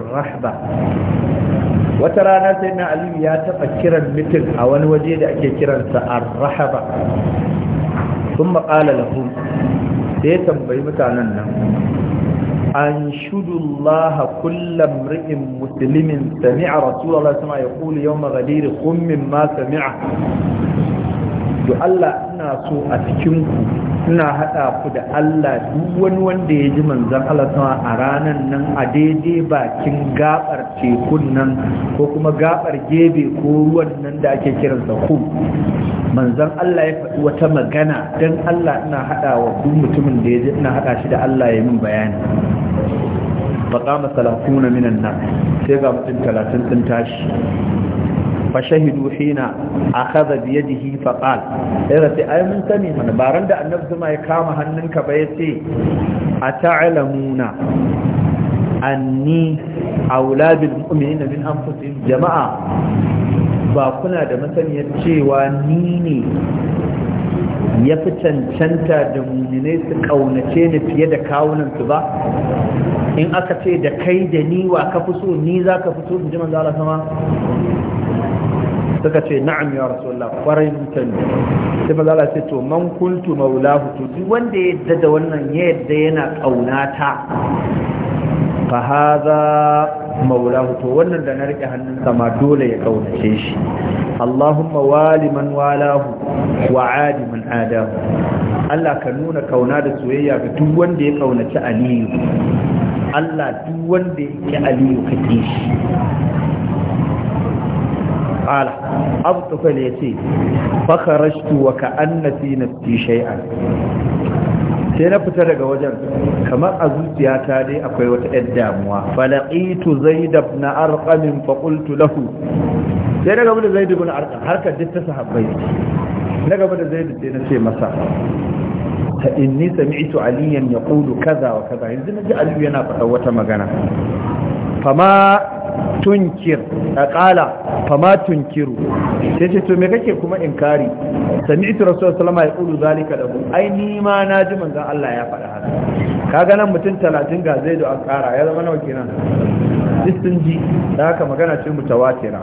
wata rana sai na aliyu ya taɓa kiran mitin a wani waje da ake kiransa ar sun maƙala sai ya tambayi mutanen nan an shudullaha kullum ri'in musulmin sami'a rasulallah sama ya kuli yau magadiri ma sami'a to Allah ina so a cikin ku ina haɗa ku da Allah duk wani wanda ya ji manzon Allah sama a ranan nan a daidai bakin gabar tekun nan ko kuma gabar gebe ko ruwan nan da ake kiransa ku manzon Allah ya faɗi wata magana dan Allah ina haɗa wa duk mutumin da ya ji ina haɗa shi da Allah ya min bayani faƙama salatuna minan nan sai ga mutum talatin sun tashi fa shahidu hina akhadha bi yadihi fa qal sai race mun sani mana baran da annabi kuma ya kama hannunka ba yace ata'lamuna anni auladul mu'minina min anfusihim jama'a ba kuna da masaniyar cewa ni ne ya fi cancanta da mummune su kaunace ni fiye da kawunansu ba in aka ce da kai da ni wa ka fi so ni za ka fi so in ji manzo sama suka ce na'am ya rasulullah kwarai mutan sai ba ce to man kuntu maulahu to duk wanda ya yadda da wannan ya yadda yana kaunata fa hadha maulahu to wannan da na rike hannun ma dole ya kaunace shi Allahumma wali man walahu wa adi man adahu Allah ka nuna kauna da soyayya ga duk wanda ya kaunaci Aliyu Allah duk wanda ya ki Aliyu ka shi qala abu tufal yace fa kharajtu wa ka'anna fi nafsi shay'an sai na fita daga wajen kamar a zuciyata dai akwai wata ɗan damuwa falaqitu zaid ibn arqam fa qultu lahu sai na gaba da zaid ibn arqam harkar duk ta sahabbai na gaba da zaid sai na ce masa ta inni sami'tu aliyan yaqulu kaza wa kaza yanzu naji aliyu yana faɗa wata magana fama tunkir a ƙala fama tunkiru sai ce to me kake kuma inkari sami ita rasu salama ya ƙulu zalika da ku ai nima na ji manzan Allah ya faɗa haka ka ganin mutum talatin ga zai da ƙara ya zama nawa kenan duk sun ji da haka magana ce mutawatira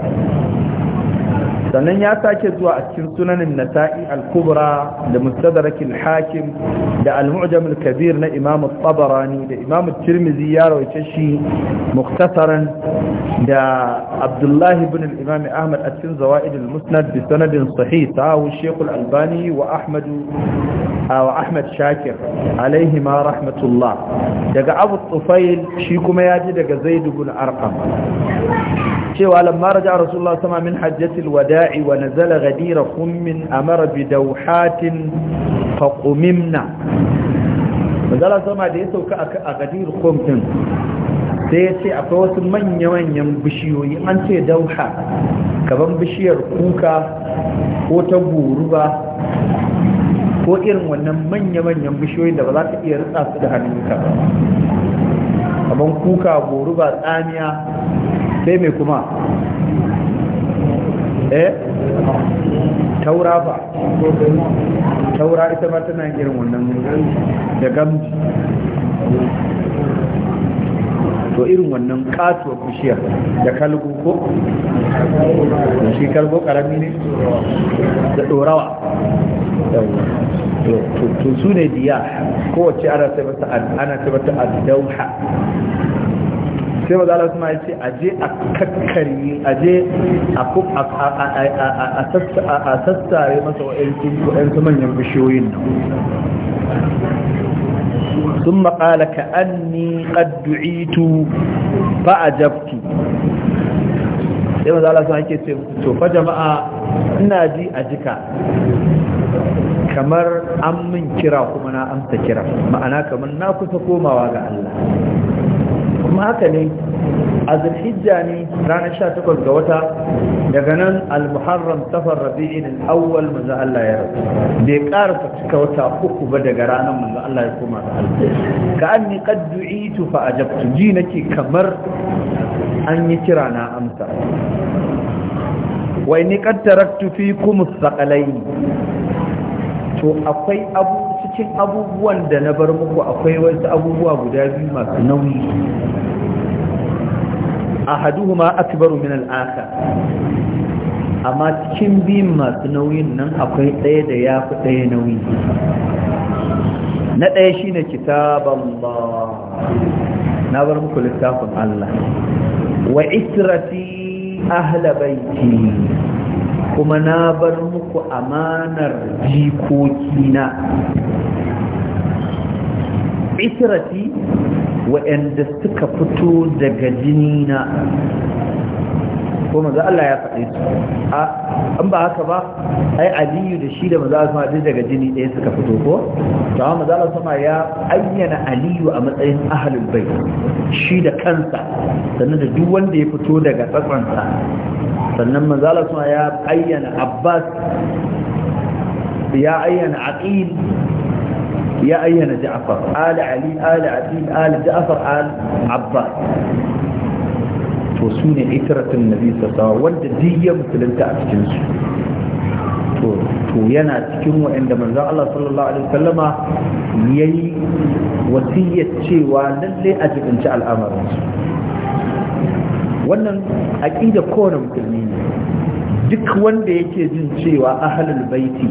sannan ya sake zuwa a cikin sunanin nasa'i al-kubra da mustadrakin hakim da al-mu'jam al-kabir na imam al-tabarani da imam al-tirmidhi ya rawaita shi mukhtasaran da abdullah ibn al-imam ahmad a cikin zawaid al-musnad bi sanadin sahih sahu shaykh al-albani wa ahmad wa ahmad shakir alayhi ma rahmatullah daga abu tufail shi kuma ya ji daga zaid ibn arqam cewa lamma raja rasulullah sama min hajjatil wada الوداع ونزل غدير خم أمر بدوحات فقممنا manzala da ya sauka a gadir kwamfin sai ya ce akwai wasu manya-manyan bishiyoyi an ce dauha gaban bishiyar kuka ko ta goruba ko irin wannan manya-manyan bishiyoyi da ba za iya ritsa su da hannunka ba kuka goruba tsamiya sai mai kuma eh taura ba taura ita ba tana irin wannan da gamji to irin wannan katuwa kushiyar da kalgo ko da shi kalgo karami ne da dorawa to su ne diya kowace ana tabbata ana a dauha sai maza Allah suna ce a je a kakkari a je a sassare masa su manyan bishiyoyin nan sun maƙala ka an ni ƙaddu'itu ba a jabtu sai maza Allah suna ake ce tofa jama'a ina ji a jika kamar an min kira kuma na amsa kira ma'ana kamar na kusa komawa ga Allah kuma haka ne a zulhijja ne ranar 18 ga wata daga nan al-muharram safar rabi'in al-awwal manzo Allah ya rasu bai karasa cika wata uku ba daga ranar manzo Allah ya koma da ka anni qad du'itu fa ajabtu ji nake kamar an yi kira na amsa wai ni qad taraktu fikum as to akwai abu cikin abubuwan da na bar muku akwai wasu abubuwa guda biyu masu nauyi aka akbaru min al amma cikin biyun masu nauyin nan akwai ɗaya da ya fi ɗaya nauyi na ɗaya shine kitaban ba na bar muku littafin Allah wa israti ahla baiti kuma na bar muku amanar jikokina isirati waɗanda suka fito daga jini na. ko maza Allah ya faɗe su a an ba haka ba ai aliyu da shi da maza su ma daga jini ɗaya suka fito ko to amma maza sama ya ayyana aliyu a matsayin ahlul bait shi da kansa sannan da duk wanda ya fito daga tsakansa. sannan maza sama ya ayyana abbas ya ayyana aqil ya ayyana ja'far Ali ali ala aqil Ali ja'far al abbas to su ne itiratun nabi sassawa wanda diyya musulunta a cikinsu to yana cikin waɗanda manzan Allah sallallahu alaihi wasallama ya yi wasiyyar cewa lalle a jibinci su. wannan aƙida kowane musulmi ne duk wanda yake jin cewa ahalul baiti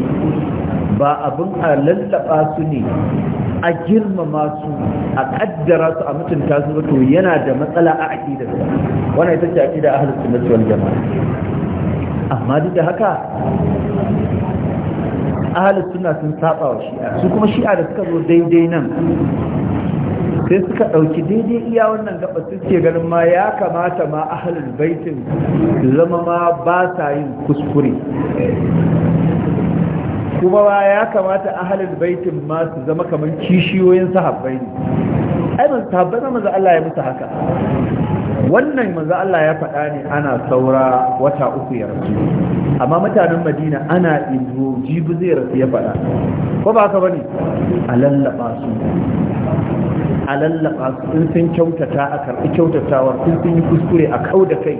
ba abin a lallaba su ne a girmama su a kaddara su a mutunta su to yana da matsala a aqidar wannan ita ce aqida ahlus sunnah wal jamaa amma duk da haka ahlus sunna sun saba wa shi'a su kuma shi'a da suka zo daidai nan sai suka ɗauki daidai iya wannan gaba suke ganin ma ya kamata ma ahalin baitin zama ma ba sa yin kuskure kuma ba ya kamata ahalin baitin ma su zama kamar kishiyoyin sahabbai ne ai man sahabbai na manzo Allah ya musu haka wannan manzo Allah ya faɗa ne ana saura wata uku ya rasu amma mutanen Madina ana izo jibi zai rasu ya faɗa ko ba ka bane a lallaba su a lallaba su in sun kyautata a karɓi kyautatawar sun yi kuskure a kau da kai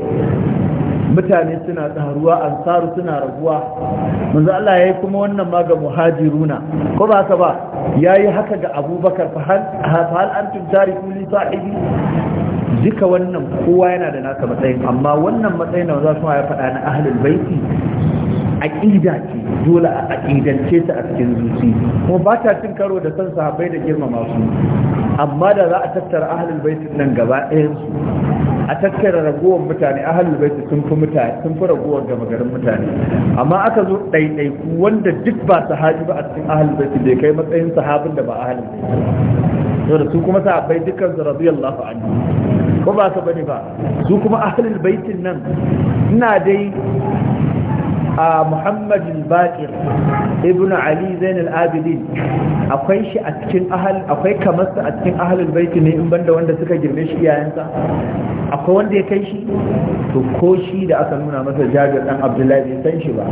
mutane suna tsaruwa ansaru suna raguwa manzo Allah yayi kuma wannan ma ga muhajiruna ko ba ka ba yayi haka ga Abubakar fa hal antum tariku li sahibi duka wannan kowa yana da naka matsayin amma wannan matsayin da za su ya faɗa na ahlul baiti ƙida ce dole a aƙidance ta a cikin zuci kuma ba ta cin karo da san sahabbai da girmama su amma da za a tattara ahalin baitin nan gaba ɗayan su a tattara ragowar mutane a baiti sun fi mutane sun fi ragowar gama garin mutane amma aka zo ɗaiɗaiku wanda duk ba su sahabi ba a cikin ahalul baiti bai kai matsayin sahabin da ba a baiti to da su kuma sahabbai dukkan su radiyallahu anhu ko ba ka bane ba su kuma ahalul baitin nan ina dai a muhammad al-baqir ibnu ali zain al-abidin akwai shi a cikin ahal akwai kamar sa a cikin ahalul bait ne in banda wanda suka girme shi iyayensa akwai wanda ya kai shi to ko shi da aka nuna masa jabir dan abdullahi bai san shi ba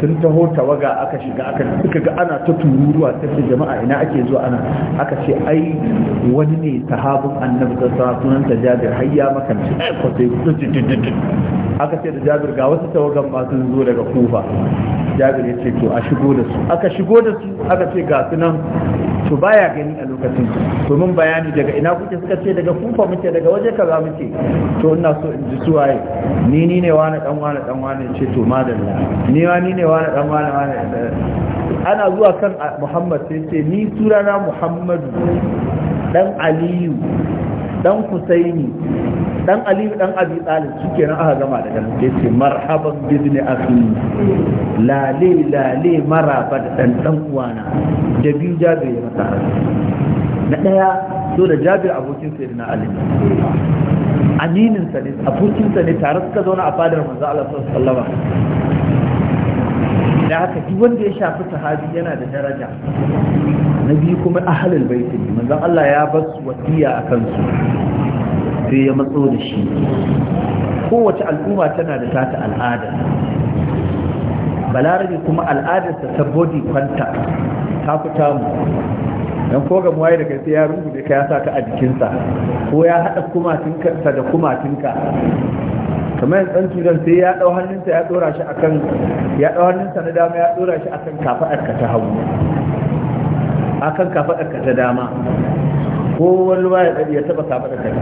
tun taho tawaga aka shiga aka suka ga ana ta tururuwa ta ce jama'a ina ake zuwa ana aka ce ai wani ne sahabin annabi da sa sunan ta jabir hayya makanci ai ko sai aka ce da jabir ga wasu tawagan masu sun zo daga kufa jabir ce to a shigo da su aka shigo da su aka ce ga su nan to baya gani a lokacin domin bayani daga ina kuke suka ce daga kufa muke daga waje kaza muke to ina so in ji suwaye ni ni ne wani dan wani dan wani ce to madalla ni wa ni ne wani dan wani wani ana zuwa kan muhammad sai ce ni sunana muhammadu dan aliyu dan husaini dan ali dan abi talib shikenan aka gama da nan sai ce marhaban bizni ibn akhi lale lale maraba da dan dan uwana da biyu jabir ya masa na daya so da jabir abokin sayyidina ali aminin sa ne abokin sa ne tare suka zauna a fadar manzo Allah sallallahu alaihi wasallam da haka duk wanda ya shafi sahabi yana da daraja na biyu kuma ahlul bait manzo Allah ya bar wasiya akan su sai ya matso da shi kowace al'umma tana da tata al'ada balarabe kuma al'adarsa ta body contact ta fita mu dan ko ga muwaye daga sai ya da ka ya sa ka a jikinsa ko ya haɗa kumatinka da kumatinka kamar ɗan turan sai ya ɗau hannunsa ya ɗora shi akan ya ɗau hannunsa na dama ya ɗora shi akan kafaɗarka ta hagu akan kafaɗarka ta dama ko wani ma ya ɗari ya taɓa kafa da kai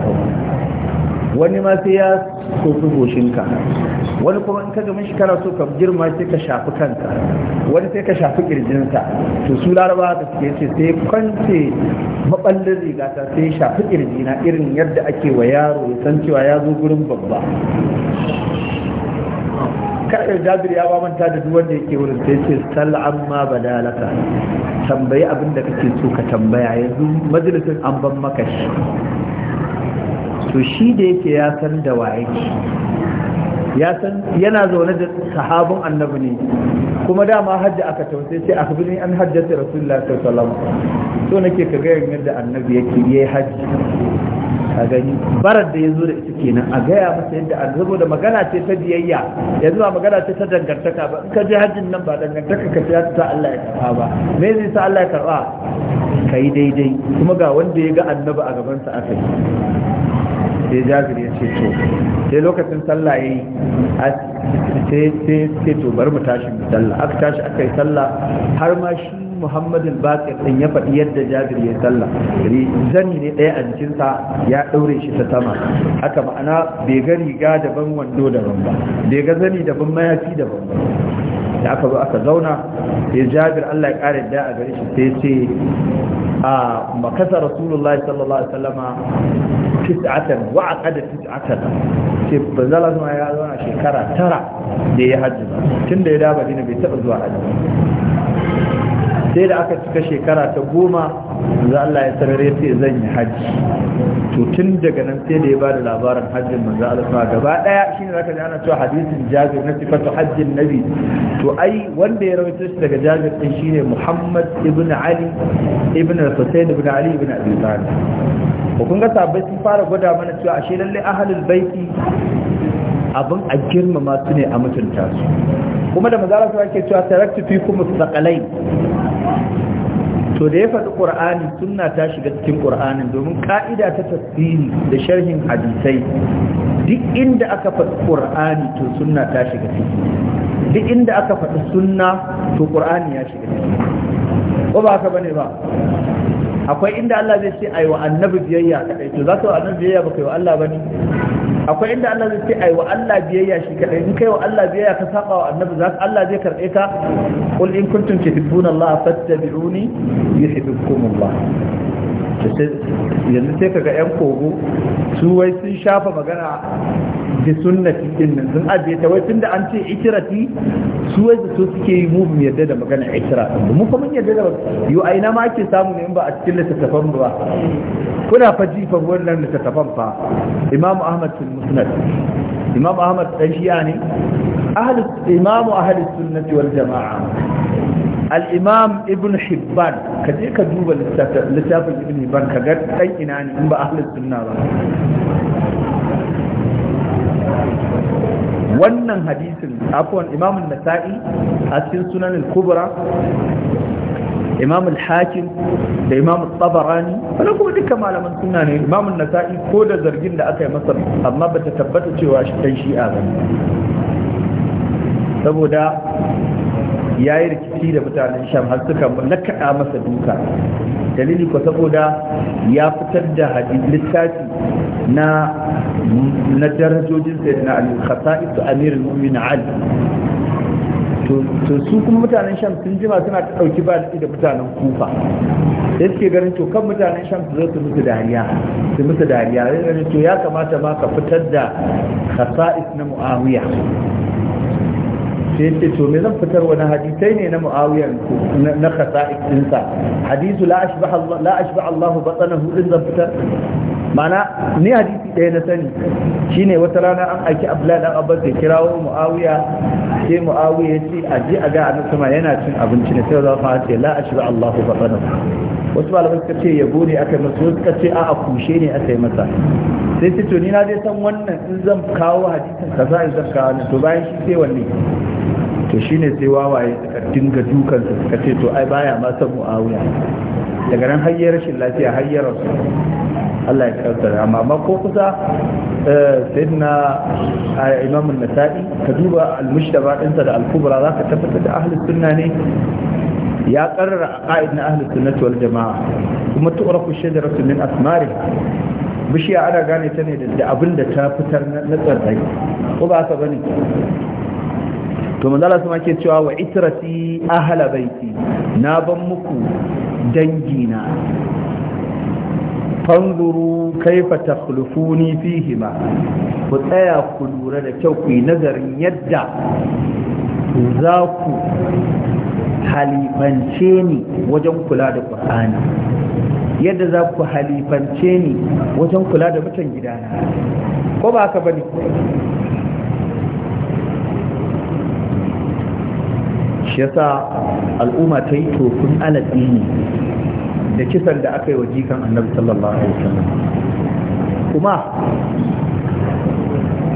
wani ma sai ya so su goshinka wani kuma in ka ga shi kana so ka girma sai ka shafi kanka wani sai ka shafi kirjinsa to su laraba da suke ce sai kwance maballin ta sai shafi kirjina irin yadda ake wa yaro ya san cewa ya zo gurin babba kada jabir ya ba manta da duwar da yake wurin sai ce sal amma badalaka tambayi abin da kake so ka tambaya yanzu majalisar an ban maka shi to shi da yake ya san da waye ya san yana zaune da sahabun annabi ne kuma dama hajji aka tausai sai aka bi an hajjata rasulullahi sallallahu alaihi wasallam to nake ka ga yadda annabi yake yayi hajji a gani barar da ya zo da ita kenan a gaya masa yadda a zama da magana ce ta biyayya yanzu zuwa magana ce ta dangantaka ba in ka je hajjin nan ba dangantaka ka ta ta Allah ya karba ba me zai sa Allah ya karba kai daidai kuma ga wanda ya ga annabi a gaban sa aka sai jazir ya ce to sai lokacin sallah yayi yi, sai to bar mu tashi mu sallah aka tashi aka yi sallah har ma shi muhammadin bakir din ya faɗi yadda jabir ya sallah zani ne ɗaya a jikinsa ya ɗaure shi ta sama haka ma'ana bai ga riga daban wando daban ba bai ga zani daban mayafi daban ba da aka zo aka zauna ya jabir allah ya ƙara da a gare shi sai ce a makasa rasulullahi sallallahu alaihi wasallama tis'atan wa aqada tis'atan ce banzala ya zauna shekara tara da ya hajji tun da ya dawo dina bai taɓa zuwa hajji sai da aka cika shekara ta goma za Allah ya ya sai zan yi hajji to tun daga nan sai da ya bada labarin hajjin manzo Allah sama gaba daya shine zaka ji ana cewa hadisin Jabir na sifatu hajjin Nabi to ai wanda ya rawaito shi daga Jabir din shine Muhammad ibn Ali ibn Husayn ibn Ali ibn Abi Talib ko kun ga sabai sun fara gwada mana cewa ashe lalle ahlul baiti abin a girmama su ne a mutunta su kuma da mazara su ake cewa taraktu fi kuma su to da ya faɗi ƙur'ani sunna ta shiga cikin ƙur'anin domin ka'ida ta tafsiri da sharhin hadisai duk inda aka faɗi ƙur'ani to sunna ta shiga ciki duk inda aka faɗi sunna to ƙur'ani ya shiga ciki ko ba haka bane ba akwai inda Allah zai ce ayi wa annabi biyayya kadai to za ka wa annabi biyayya ba kai wa Allah bane akwai inda Allah zai ce ai wa Allah biyayya shi kadai in kai wa Allah biyayya ka saba wa annabi zaka Allah zai karbe ka qul in kuntum tuhibbuna Allah fattabi'uni yuhibbukum Allah yanzu sai kaga yan kogo su wai sun shafa magana da sunnati din nan sun ajiye ta wai tun da an ce ikirati su wai su suke yi mubi yadda da magana ikira mu kuma yadda da yo a ina ma ake samu ne in ba a cikin littattafan ba kuna fa jifan wannan littattafan fa imamu ahmad bin musnad imamu ahmad dan shi'a ne ahlus imamu ahlus sunnati wal jama'a al'imam ibn hibban ka je ka duba littafin ibn hibban ka ga ɗan ina ne in ba ahlus sunna ba wannan hadisin afuwan imam nasa'i a cikin sunan al-kubra imam al-hakim da imam al-tabarani wani kuma duka malaman suna ne imam nasa'i ko da zargin da aka yi masa amma ba ta tabbata cewa shi shi'a ba saboda ya yi rikici da mutanen sham har suka nakaɗa masa duka dalili ko saboda ya fitar da hadisi littafi na na darajojin sayyidina ali khasa'isu amirul mu'minin ali to su kuma mutanen sham sun jima suna ta ɗauki ba da mutanen kufa Sai suke ganin to kan mutanen sham su zo su musu dariya su musu dariya to ya kamata ma ka fitar da khasa'is na mu'awiya sai yace to me zan fitar wani hadisai ne na muawiya na khasa'id dinsa hadisu la ashbaha Allah la ashbaha Allah batnahu zan fitar mana ni hadisi ɗaya na sani shine wata rana an aiki Abdullahi dan Abbas ya kirawo muawiya sai muawiya yace aje a ga annabi sama yana cin abinci ne sai zan fara ce la ashbaha ba batnahu wasu malamai suka ce yabo ne aka masa wasu suka ce a'a kushe ne aka yi masa sai ce to ni na dai san wannan in zan kawo hadisin kaza in zan kawo to bayan shi sai wanne to shine sai wawaye suka dinga su suka ce to ai baya ma san muawiya daga nan har rashin lafiya har su Allah ya kaddara amma ma ko kusa eh, sayyidina eh, imam an-nasa'i ka duba al-mushtaba ɗinsa da al-kubra zaka tabbata da ahlus sunna ne ya karrara aqaid na ahlus sunnati wal jamaa kuma tu'rafu shajaratu min asmari bishiya ana gane ta ne da abin da ta fitar na tsarrai ko ba ka bane to manzala su ke cewa wa itrati ahala baiti na ban muku dangina fanzuru kaifa takhlufuni fihi ma ku tsaya ku lura da kyau ku yi nazarin yadda za ku halifance ni wajen kula da ƙur'ani yadda za ku halifance ni wajen kula da mutan gidana ko ba haka bane shi yasa al'umma ta yi tofin alatsi ne da kisan da aka yi wa jikan annabi sallallahu alaihi wasallam kuma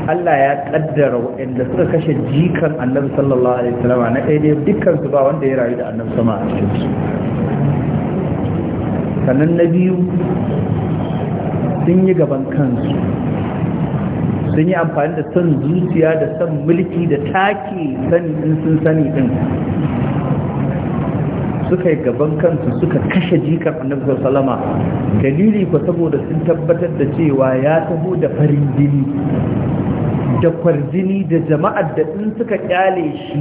Allah ya kaddara waɗanda suka kashe jikan annabi sallallahu alaihi wasallam na ɗaya dukkan su ba wanda ya rayu da annabi sama a cikin su sannan na biyu sun yi gaban kansu sun yi amfani da son zuciya da son mulki da take sani din sun sani din suka yi gaban kansu suka kashe jikar annabi sallama dalili ko saboda sun tabbatar da cewa ya taho da farin jini da kwarjini da jama'ar da in suka kyale shi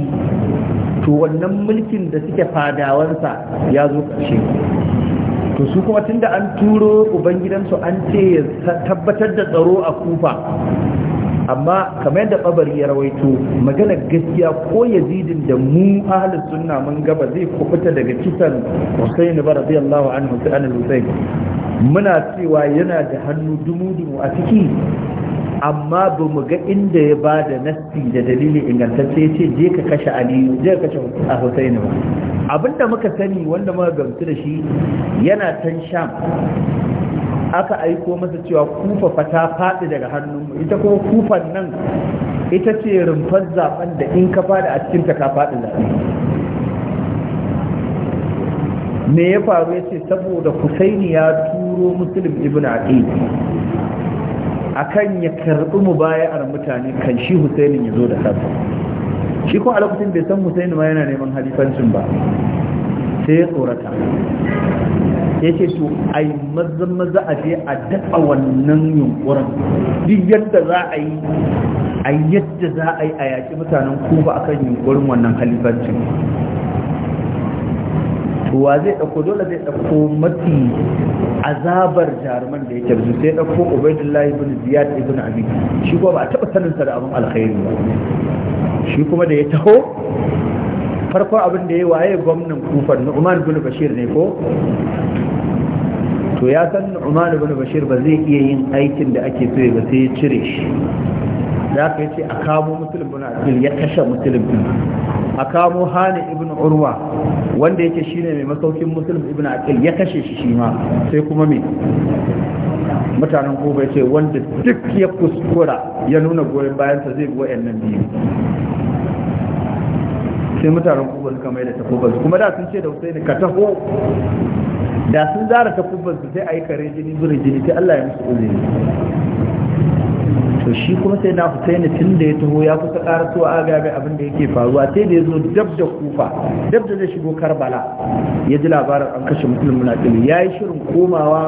to wannan mulkin da suke fadawansa ya zo ƙarshe to su kuma tun da an turo ubangidansu an ce ya tabbatar da tsaro a kufa amma kamar yadda babari ya rawaito magana gaskiya ko yazidin da mu ahlus sunna mun gaba zai kubuta daga kisan Husaini ba radiyallahu anhu sai an Husaini muna cewa yana da hannu dumudumu a ciki amma ba mu ga inda ya ba da nasti da dalili ingantacce ya ce je ka kashe aliyu je ka kashe a husaini ba abinda muka sani wanda muka gamsu da shi yana can sham aka aiko masa cewa kufa fata faɗi daga hannunmu ita kuma kufan nan ita ce rumfar zaben da in ka faɗi a cikin ta ka faɗi zaɓe me ya faru ya ce saboda kusaini ya turo musulun ibn aqil akan ya karɓi mubaya'ar mutane kan shi Husainin ya zo da kansa shi ko a lokacin bai san Husaini ma yana neman halifancin ba sai ya tsorata ya ce to a yi mazan maza a je a daɗa wannan yunkurin duk yadda za a yi a yadda za a yi a yaƙi mutanen kuma a kan yunkurin wannan halifancin wa zai ɗauko dole zai ɗauko mafi azabar jaruman da ya tarzu sai ɗauko ubaidullahi ibn ziyad ibn abi shi kuma ba a taɓa sa da abin alkhairi ba shi kuma da ya taho farko abin da ya waye gwamnan kufar nu'man bin bashir ne ko to ya san nu'man bin bashir ba zai iya yin aikin da ake so ba sai ya cire shi ka yi yace a kamo musulun bin abin ya kashe musulun bin a kamo hani ibn urwa wanda yake shine mai masaukin muslim ibn aqil ya kashe shi shi ma sai kuma me mutanen kufa ce wanda duk ya kuskura ya nuna goyon bayansa zai bi wa'annan biyu sai mutanen kufa suka mai da takubar kuma da sun ce da husaini ka taho da sun zara takubar su sai ayi yi kare jini jini sai allah ya musu uzuri to shi kuma sai na ne tun da ya taho ya kusa karaso a gaga abin da yake faruwa sai da ya zo dab da kufa dab da zai shigo karbala ya ji labarin an kashe mutum munafili ya yi shirin komawa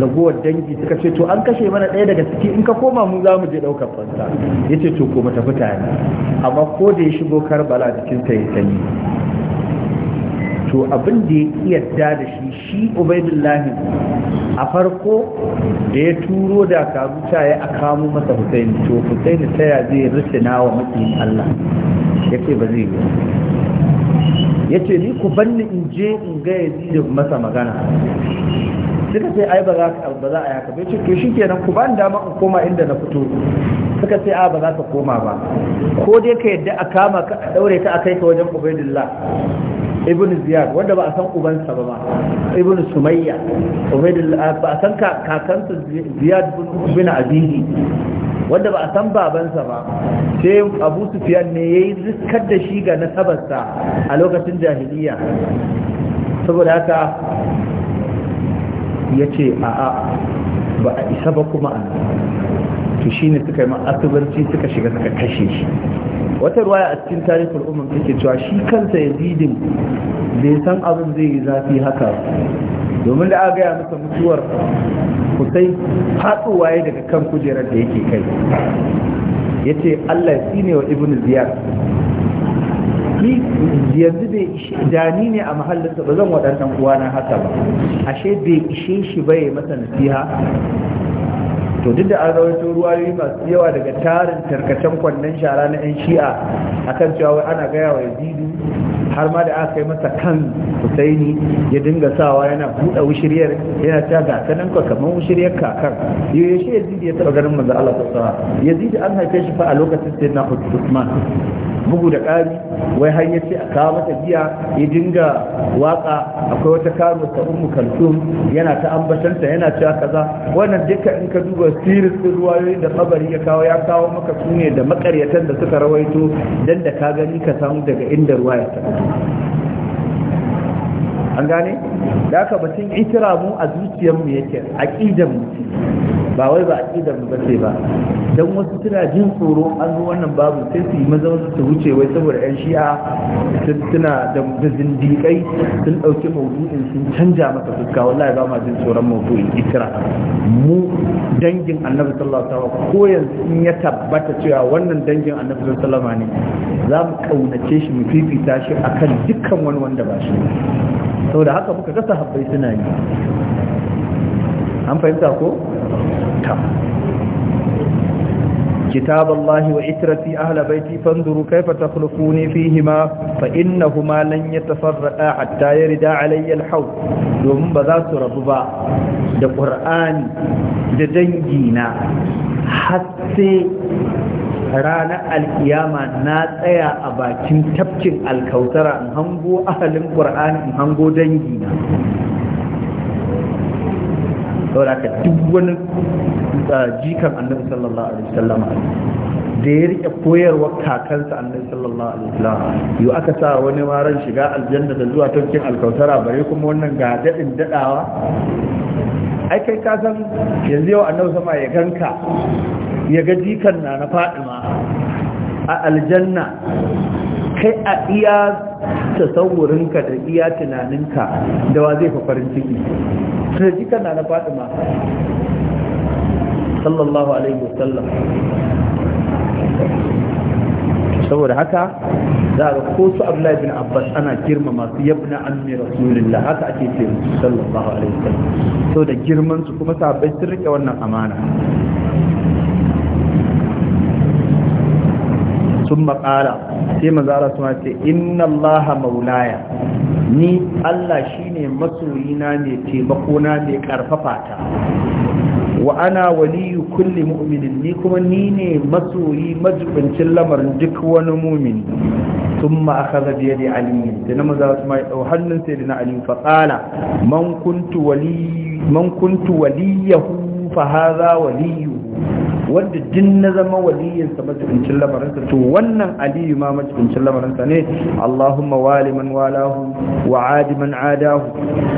ragowar dangi suka ce to an kashe mana ɗaya daga ciki in ka koma mu za mu je ɗaukar fansa ya ce to ko mu tafi tare amma ko da ya shigo karbala jikinsa ya sanyi to abin da ya yadda da shi shi ubaidullahi a farko da ya turo da kabuta ya a kamo masa husaini to husaini ta ya zai rusuna wa matsayin allah ya ce ba zai yi ya ce ni ku banni in je in ga ya masa magana suka ce ai ba za ba za a yaka bai ce to kenan ku ba ni dama in koma inda na fito suka ce a ba za ka koma ba ko dai ka yadda a kama ka a daure ka a kai ka wajen ubaidillah ibn ziyad wanda ba a san ubansa ba ibn sumayya ubaidillah ba a san kakansa ziyad bin abihi wanda ba a san babansa ba sai abu sufiyan ne ya yi zikar da shi ga nasabarsa a lokacin jahiliya saboda haka ya ce a'a ba a isa ba kuma a to shi ne suka yi ma'asibarci suka shiga suka kashe shi wata ruwaya a cikin tarihin umar take cewa shi kansa ya didin bai san abin zai yi zafi haka domin da aka gaya masa mutuwar kusai fatsuwa ya daga kan kujerar da yake kai ya ce allah ya ne wa ibn ziyar ni yanzu bai dani ne a mahallinsa ba zan waɗannan uwana haka ba ashe bai ishe shi ba ya masa nasiha to duk da an rawaito ruwayoyi masu yawa daga tarin tarkacen kwannan shara na 'yan shi'a akan cewa ana gaya wa yazidu har ma da aka kai masa kan husaini ya dinga sawa yana buɗe wushiriyar yana ta ga ta nan kamar wushiriyar kakar yaushe yazid ya taɓa ganin manzo Allah sallallahu alaihi an haife shi fa a lokacin sayyidina Uthman bugu da kari wai har yace a kawo mata giya ya dinga waka akwai wata karo ta ummu kalsum yana ta ambatanta yana cewa kaza wannan duka in ka duba siris din ruwayoyi da kabari ya kawo ya kawo maka sune da makaryatan da suka rawaito dan da ka gani ka samu daga inda ruwaya ta an gane da aka batun itiramu a zuciyarmu yake aqidan mutum ba wai ba aqidar mu bace ba dan wasu suna jin tsoro an zo wannan babu sai su yi maza wasu su wuce wai saboda yan shi'a suna da kai sun dauki maudu'in sun canja masa fuska wallahi ba ma jin tsoron maudu'in itira mu dangin annabi sallallahu alaihi wasallam ko yanzu in ya tabbata cewa wannan dangin annabi sallallahu alaihi wasallam ne za mu kaunace shi mu fifita shi akan dukkan wani wanda ba shi saboda haka muka ga habbai suna yi an fahimta ko كتاب الله وإسرتي أهل بيتي فانظروا كيف تخلقوني فيهما فإنهما لن يتفرقا حتى يردا علي الحوض ومن بذات رببا ده قرآن ده دنجينا حتى ranar alkiyama na tsaya a bakin tafkin alkautara in hango ahalin ƙur'ani in hango dangina saboda ka duk wani uh, jikan annabi sallallahu alaihi wasallam da ya rike koyarwa kakansa annabi sallallahu alaihi wasallam yau aka sa wani maran shiga aljanna da zuwa tokin alkautara bare kuma wannan ga dadin dadawa ai kai ka san yanzu yau annabi sama ya ganka ya ga jikan na na fadima a aljanna kai a iya tasawurinka da iya tunaninka da wa zai fi farin ciki sai ji kana na ma sallallahu alaihi wasallam saboda haka za ga ko su abdullahi bin abbas ana girma su yabna ammi rasulillah haka ake ce sallallahu alaihi wasallam to da girman su kuma sahabbai sun rike wannan amana sun maƙala sai mazara suna ce inna allaha maulaya ni allah shine masoyina ne taimakona ne ƙarfafa ta wa ana waliyu kulli mu'minin ni kuma ni ne masoyi majibincin lamarin duk wani mumini da أخذ بيد علي لما زالت ما يوحن سيدنا علي فقال من كنت ولي من كنت وليه haza Waliyu. wanda din na zama waliyinsa majibincin lamarinsa to wannan aliyu ma majibincin lamarinsa ne Allahumma wali man walahu wa adi man adahu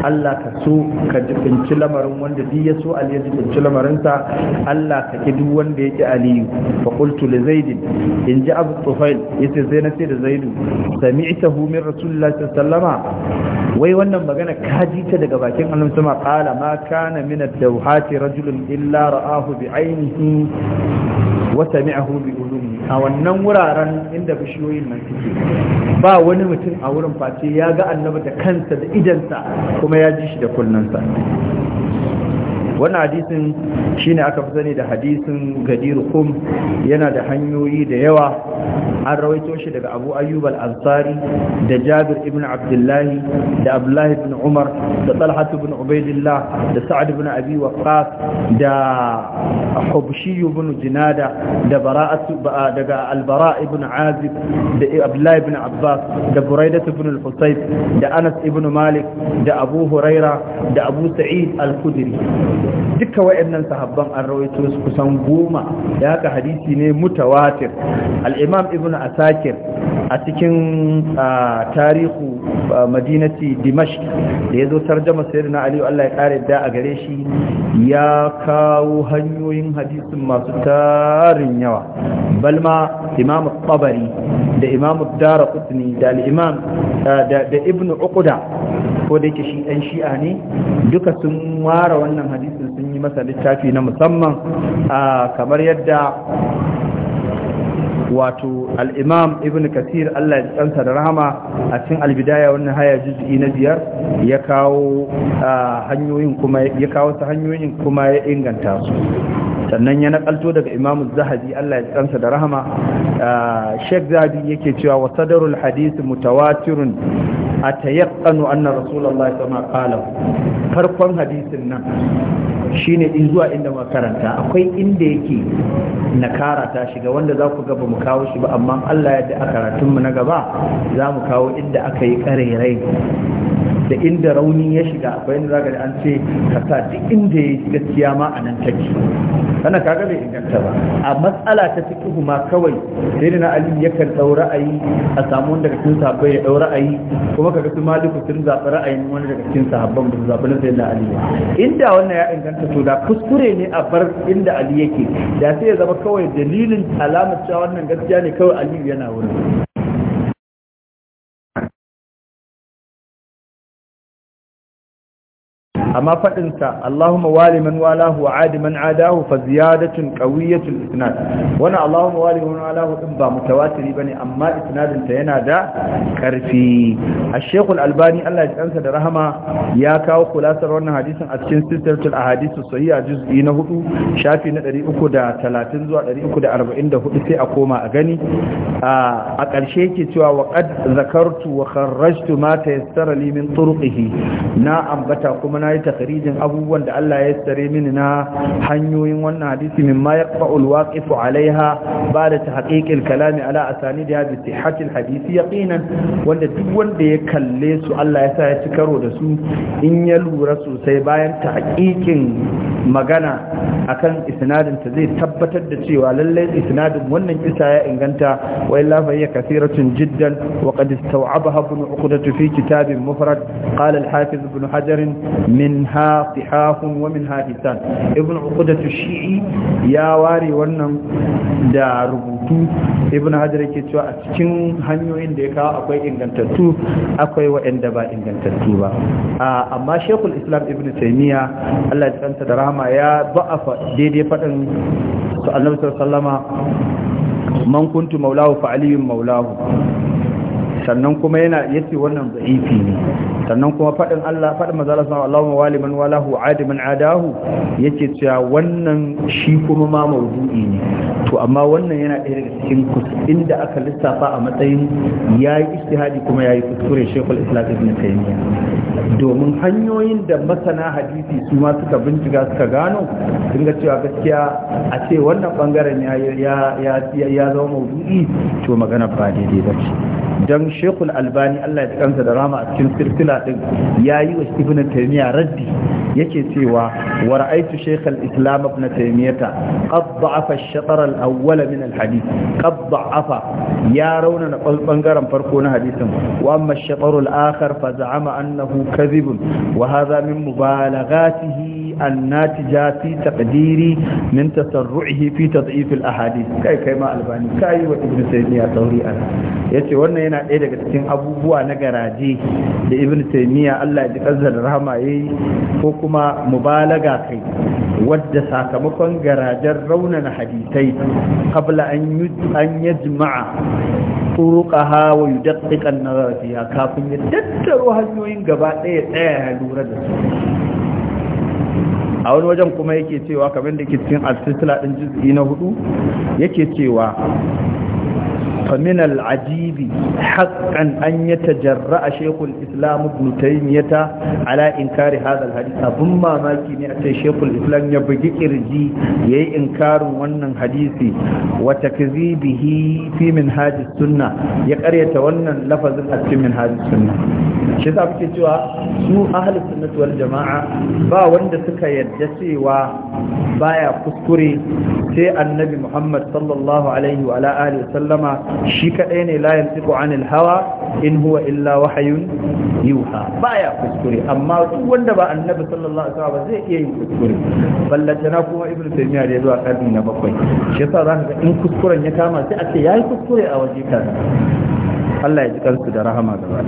Allah ka so ka lamarin wanda duk ya so aliyu jibinci lamarinsa Allah ka ki duk wanda ya aliyu fa qultu li zaid in ji abu tufail yace sai na ce da zaidu sami'tahu min rasulillahi sallallahu wai wannan magana ka ji ta daga bakin annabi sama qala ma kana min ad-dawhati rajulun illa ra'ahu bi ainihi wata mi'ahu bi ulumi a wannan wuraren inda bishiyoyin nan suke ba wani mutum a wurin face ya ga annabi da kansa da idansa kuma ya ji shi da kullansa wannan hadisin shine aka fi sani da hadisin gadir kum yana da hanyoyi da yawa an rawaito shi daga abu ayyub al-ansari da jabir ibn abdullahi da abdullahi ibn umar da talhat ibn ubaidillah da sa'ad ibn abi waqqas da hubshi ibn jinada da bara'atu daga al-bara ibn azib da abdullahi ibn abbas da buraidah ibn al-husayb da anas ibn malik da abu huraira da abu sa'id al-khudri duka wa'annan sahabban an rawaito su kusan goma Ya ka hadisi ne mutawatir al-imam ibn asakir a cikin tarihu madinati dimashq da yazo tarjama sayyidina ali Allah ya kare da a gare shi ya kawo hanyoyin hadisin masu tarin yawa balma imam tabari da imam Dara darqutni da imam da ibn uqda ko da yake shi ɗan shi'a ne duka sun ware wannan hadisin sun yi masa littafi na musamman kamar yadda wato al'imam ibn kasir Allah ya ɗansa da rahama a cikin albidaya wannan haya juz'i na biyar ya kawo hanyoyin kuma ya kawo su hanyoyin kuma ya inganta su sannan ya nakalto daga imamu zahabi Allah ya ɗansa da rahama sheikh zahabi yake cewa wa sadarul hadisi mutawatirun a tayaqqanu anna rasulullahi sama qala farkon hadisin nan shine in zuwa inda makaranta akwai inda yake nakara ta shiga wanda za ku gaba mu kawo shi ba amma Allah ya da a karatunmu na gaba za mu kawo inda aka yi karerai da inda rauni ya shiga akwai inda zaka da an ce ka sa duk inda ya gaskiya ma a nan take sannan kaga bai inganta ba a matsala ta fiki kuma kawai sai da na ali yakan dau ra'ayi a samu wanda daga cikin sahabbai ya dau ra'ayi kuma kaga su maliku sun zaɓi ra'ayin wani daga cikin sahabban su zaɓi na sayyidina ali inda wannan ya inganta to da kuskure ne a bar inda ali yake da sai ya zama kawai dalilin alamar cewa wannan gaskiya ne kawai ali yana wurin amma faɗinsa Allahumma wali man walahu wa adi man adahu fa ziyadatun qawiyatul isnad wannan Allahumma wali man walahu din ba mutawatiri bane amma isnadin ta yana da karfi A sheikh Al-Albani Allah ya kansa da rahama ya kawo kulasar wannan hadisin a cikin silsilatul ahadithus sahiha juz'i na 4 shafi na 330 zuwa 344 sai a koma a gani a ƙarshe yake cewa wa qad zakartu wa kharrajtu ma tayassara li min turqihi na ambata kuma na yi takrijin abubuwan da Allah ya tsare mini na hanyoyin wannan hadisi mimma yaqfa'ul waqifu alaiha ba da tahqiqil kalami ala asanidiha bi sihhatil hadisi yaqinan wanda duk wanda ya kalle su Allah ya sa ya ci karo da su in ya lura sosai bayan tahqiqin magana akan isnadin ta zai tabbatar da cewa lalle isnadin wannan kisa ya inganta wa illa fa hiya kathiratun jiddan wa qad istaw'abaha ibn uqdatu fi kitabin mufrad qala al-hafiz ibn hajar min منها صحاف ومنها هتان ابن عقدة الشيعي يا واري ونم دا ربوتو ابن هجر كتوى أتكين هنيو إنديكا أكوي إنغانتتو أكوي وإندبا إنغانتتو أما شيخ الإسلام ابن تيمية الله يتفنت درهما يا ضعف دي دي فتن النبي صلى الله عليه وسلم من كنت مولاه فعلي مولاه sannan kuma yana yace wannan da'ifi ne sannan kuma fadin Allah fadin manzala sallallahu alaihi wa alihi walahu adiman adahu yace cewa wannan shi kuma ma maudu'i ne to amma wannan yana ɗaya daga cikin inda aka lissafa a matsayin yayi istihadi kuma yayi kuskure shekul Islam Ibn taymiya domin hanyoyin da masana hadisi su ma suka bincika suka gano sun ga cewa gaskiya a ce wannan bangaren ya ya ya zama maudu'i to magana ba daidai ba ce don shekul albani allah ya kansa da rama a cikin silsila din ya yi wa ibn taymiya raddi yake cewa wa ra'aytu shaykh al-islam ibn taymiyata qad da'afa ash-shatr al-awwal min al-hadith qad ya rauna na bangaren farko na hadisin wa amma ash-shatr al-akhar fa za'ama annahu kadhib wa hadha min mubalaghatihi الناتجة في تقديري من تسرعه في تضعيف الأحاديث كاي كيما الباني كاي وابن تيمية توري أنا يتي وانا yana ɗaya daga cikin abubuwa na garaje da ibn taimiyya Allah ya ji ƙazar da ya yi ko kuma mubalaga kai wadda sakamakon garajen raunana hadisai kabla an an turuka ha wa yi an na zafiya kafin ya daddaro hanyoyin gaba ɗaya ɗaya ya lura da su a wani wajen kuma yake cewa kamar da ke cikin ɗin ɗin na hudu yake cewa فمن العجيب حقا أن يتجرأ شيخ الإسلام ابن تيمية على إنكار هذا الحديث ثم ما كان شيخ الإسلام يبقي إرجي يي إنكار ونن حديثي وتكذيبه في منهاج السنة يقرية ونن لفظ الأسكن منهاج السنة shi ta cewa su ahalus sunnati wal jama'a ba wanda suka yadda cewa baya kuskure sai annabi Muhammad sallallahu alaihi wa sallama shi kadai ne layin yantiqu anil hawa in huwa illa wahyun yuha baya kuskure amma duk wanda ba annabi sallallahu alaihi zai iya yin kuskure ballatana kuma ibnu taymiya da zuwa karni na bakwai shi yasa zaka ga in kuskuren ya kama sai a ce yayi kuskure a waje kaza Allah ya ji kansu da rahama gaba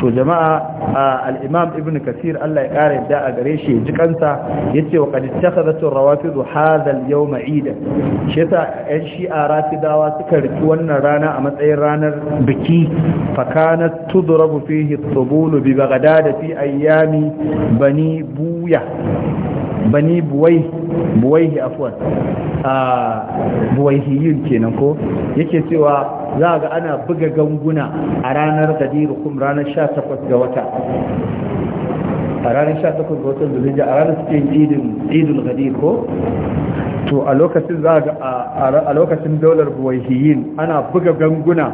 to jama'a al-imam ibn kathir Allah ya kare da a gare shi ya ji kansa yace wa qad ittakhadhatu rawafid hadha al-yawm eid shi ta yan shi'a rafidawa suka riki wannan rana a matsayin ranar biki fa kanat tudrabu fihi at-tubul bi baghdad fi ayyami bani buya bani buwai buwaihi afwan a ah, buwaihiyun kenan ko yake cewa za ga ana buga ganguna a ranar kum ranar 18 ga wata a ranar 18 ga watan zulhijja a ranar suke idul gadi ko to a lokacin za a lokacin daular buwaihiyin ana buga ganguna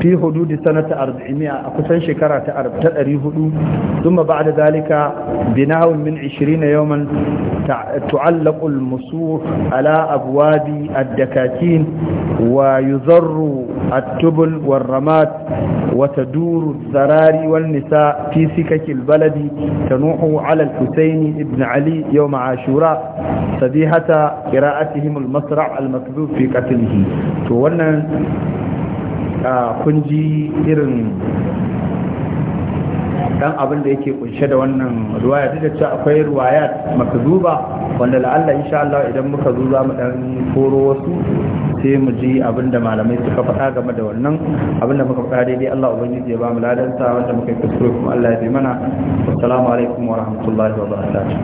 fi hududi sanata arba'imiya a kusan shekara ta ɗari hudu sun ba da zalika binahun min 20 yawman tu'allaqul musu ala abwabi ad-dakakin wa yuzarru a tubul war وتدور الذراري والنساء في سكك البلد تنوح على الحسين ابن علي يوم عاشوراء صبيحة قراءتهم المصرع المكذوب في قتله تولنا آه كنجي إرن dan abin da yake kunshe da wannan ruwaya duk da cewa akwai ruwayat makzuba wanda la'alla insha Allah idan muka zo za mu dan koro wasu sai mu ji abin da malamai suka faɗa game da wannan abin da muka faɗa daidai Allah ubangiji ya ba mu ladansa wanda muka yi kuskure kuma Allah ya bi mana assalamu alaikum wa rahmatullahi wa barakatuh